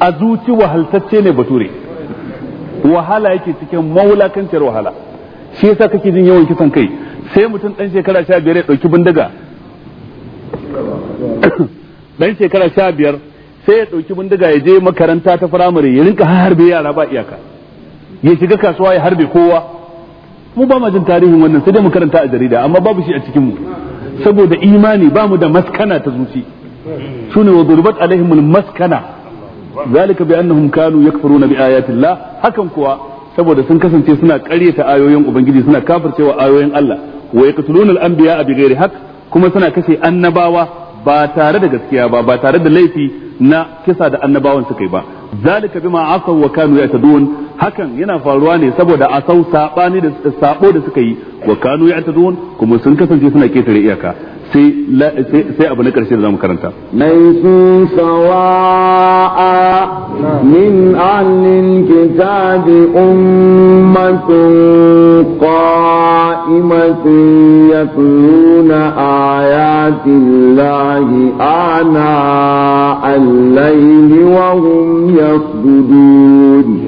a zuci wahaltacce ne bature wahala yake cikin mawulakanciyar wahala shi yasa kake jin yawan kisan kai sai mutum dan shekara sha biyar ya dauki bindiga dan shekara sha biyar sai ya ɗauki bindiga ya je makaranta ta firamare ya rinka harbe yara ba iyaka ya shiga kasuwa ya harbe kowa mu ba ma jin tarihin wannan sai dai mu karanta a jarida amma babu shi a cikin mu saboda imani ba mu da maskana ta zuci shine wa durbat alaihimul maskana zalika bi annahum kanu yakfuruna bi ayati llah hakan kuwa saboda sun kasance suna ƙaryata ayoyin ubangiji suna kafircewa ayoyin Allah wa yaqtuluna al-anbiya bi ghairi haqq kuma suna kashe annabawa ba tare da gaskiya ba ba tare da laifi na kisa da annabawan suka yi ba zalika bima asaw wa kanu yatadun hakan yana faruwa ne saboda asau sabani da sabo da suka yi wa kanu yatadun kuma sun kasance suna ketare iyaka sai sai abu na karshe da zamu karanta laisu sawa'a min kitabi ummatun qa'imatun yatluna الليل وهم يسجدون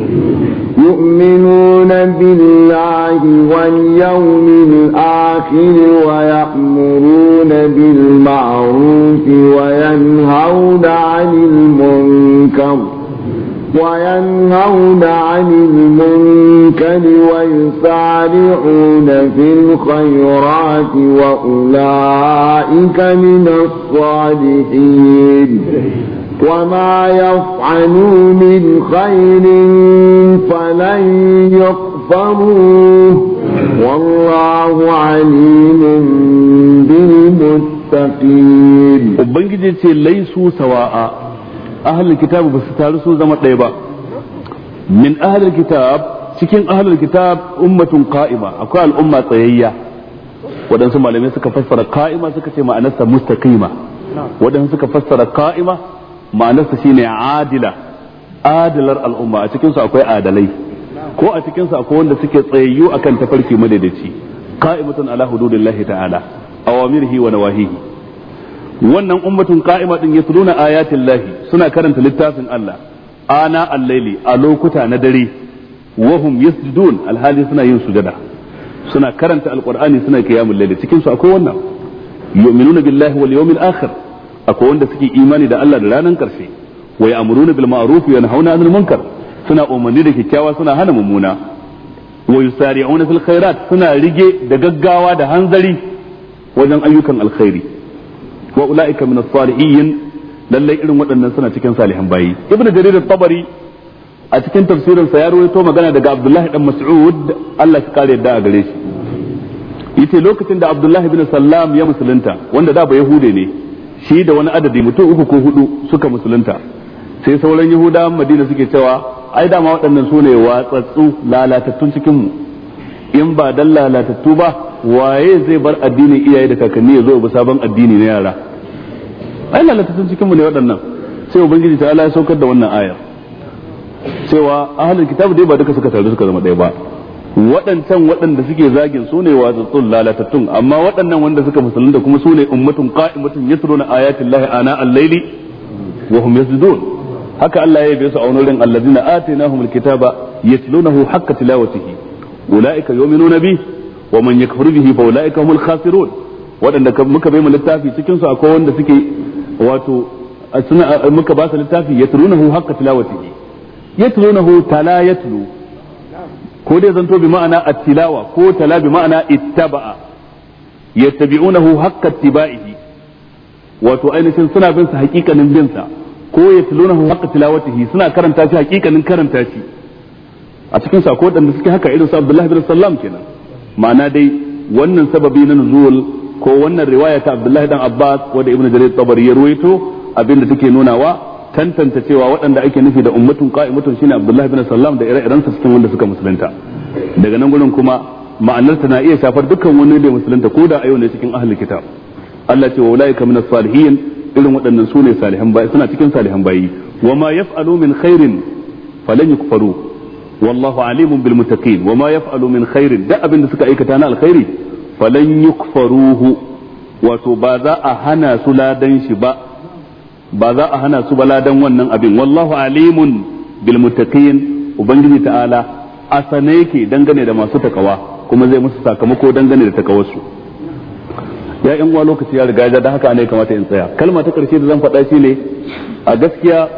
يؤمنون بالله واليوم الآخر ويأمرون بالمعروف وينهون عن المنكر وينهون عن المنكر ويسارعون في الخيرات وأولئك من الصالحين وما يفعلوا من خير فلن يقفروه والله عليم بالمتقين وبنجد ليسوا سواء ahlul kitab ba su taru su zama ɗaya ba min ahlul kitab cikin ahlul kitab ummatun qa'ima akwai al'umma tsayayya waɗansu malamai suka fassara qa'ima suka ce ma'anarsa mustaqima waɗansu suka fassara qa'ima ma'anarsa shine adila adalar al'umma a cikin akwai adalai ko a cikin su akwai wanda suke tsayayyu akan tafarki madaidaici qa'imatun ala hududillahi ta'ala awamirihi wa wahihi. wannan ummatun kaima din yasluna ayatin lahi suna karanta littafin Allah ana al-laili a lokuta na dare Wahum yasjudun alhali suna yin sujada suna karanta alqur'ani suna qiyamul layli cikin su akwai wannan yu'minuna billahi wal yawmil akhir akwai wanda suke imani da Allah da ranar karshe wa ya'muruna bil ma'ruf wa yanhauna 'anil munkar suna umarni da kyakkyawa suna hana mummuna wa yusari'una fil khairat suna rige da gaggawa da hanzari wajen ayyukan alkhairi wa ulaika min as-salihin lalle irin waɗannan suna cikin salihan bayi ibnu jarir at-tabari a cikin tafsirin sa ya rawaito magana daga abdullahi dan mas'ud Allah ya kare yadda a gare shi yace lokacin da abdullahi bin sallam ya musulunta wanda da ba yahude ne shi da wani adadi mutum uku ko hudu suka musulunta sai sauran yahuda madina suke cewa ai dama waɗannan su ne watsatsu lalatattun cikin mu in ba dan lalatattu ba waye zai bar addinin iyaye da kakanni ya zo bi sabon addini na yara ai lalatattun cikin mu ne waɗannan sai ubangiji ta Allah ya saukar da wannan ayar cewa ahlul kitabu dai ba duka suka taru suka zama ɗaya ba waɗancan waɗanda suke zagin su ne watsattun lalatattun amma waɗannan wanda suka musulunta kuma su ne ummatun qa'imatun yatruna ayatin lahi ana al-laili wa hum yasjudun haka Allah ya yi su a wani wurin allazina atainahumul kitaba yatlunahu haqqa tilawatihi ulaika yu'minuna bihi wa man yakfur bihi fa ulaika humul khasirun waɗanda muka bai mu littafi cikin su akwai wanda suke wato suna muka ba su littafi ya hu yatlunahu haqqa tilawatihi hu tala ya yatlu ko dai zanto bi ma'ana at-tilawa ko tala bi ma'ana ittaba'a yattabi'unahu haqqa ittiba'ihi wato ainihin suna bin sa hakikanin bin sa ko yatlunahu haqqa tilawatihi suna karanta shi haƙiƙanin karanta shi a cikin sa ko waɗanda suke haka irin su Abdullahi bin Sallam kenan ma'ana dai wannan sababi na nuzul ko wannan riwaya ta Abdullahi dan Abbas wanda Ibn Jarir Tabari ya ruwaito abinda take nunawa Tantanta cewa waɗanda ake nufi da ummatun qa'imatun shine Abdullahi bin Sallam da ire-iren sa cikin wanda suka musulunta daga nan gurin kuma ma'anarta na iya shafar dukkan wani da musulunta ko da a yau ne cikin ahlul kitab Allah ce wa ulaika minas salihin irin waɗannan su ne salihan bayi suna cikin salihan bayi wa ma yaf'alu min khairin falan yukfaru wallahu alimun bil muttaqin wa ma yaf'alu min khairin da abin da suka aikata na alkhairi falan yukfaruhu wato ba za a hana su ladan shi ba ba za a hana su ba ladan wannan abin wallahu alimun bil muttaqin ubangiji ta'ala asane yake dangane da masu takawa kuma zai musu sakamako dangane da takawarsu ya yan uwa lokaci ya riga da haka ne kamata in tsaya kalma ta karshe da zan faɗa ne a gaskiya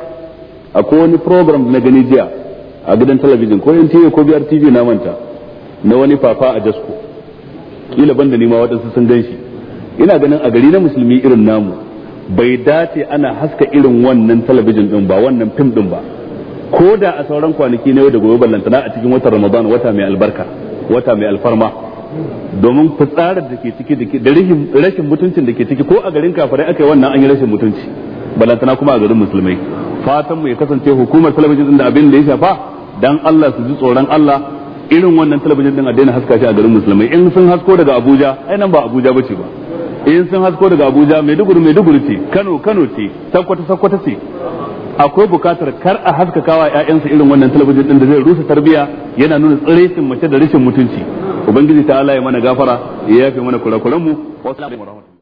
akwai wani program na gani jiya a gidan talabijin ko NTA ko BRTV na manta na wani fafa a Jasko kila banda nima waɗansu sun gan shi ina ganin a gari na musulmi irin namu bai dace ana haska irin wannan talabijin din ba wannan fim din ba ko da a sauran kwanaki yau da gobe ballantana a cikin watan Ramadan wata mai albarka wata mai alfarma domin fitsarar da ke ciki da rashin mutuncin da ke ciki ko a garin kafirai aka yi wannan an yi rashin mutunci balantana kuma a garin musulmai fatan mu ya kasance hukumar talabijin din da abin da ya shafa dan Allah su ji tsoron Allah irin wannan talabijin din a daina haska shi a garin musulmai in sun hasko daga Abuja ai nan ba Abuja bace ba in sun hasko daga Abuja Maiduguri Maiduguri ce Kano Kano ce Sokoto Sokoto ce akwai bukatar kar a haskakawa ƴaƴansu irin wannan talabijin din da zai rusa tarbiya yana nuna tsiraitin mace da rashin mutunci ubangiji ta Allah ya mana gafara ya yafe mana kurakuran mu wassalamu alaikum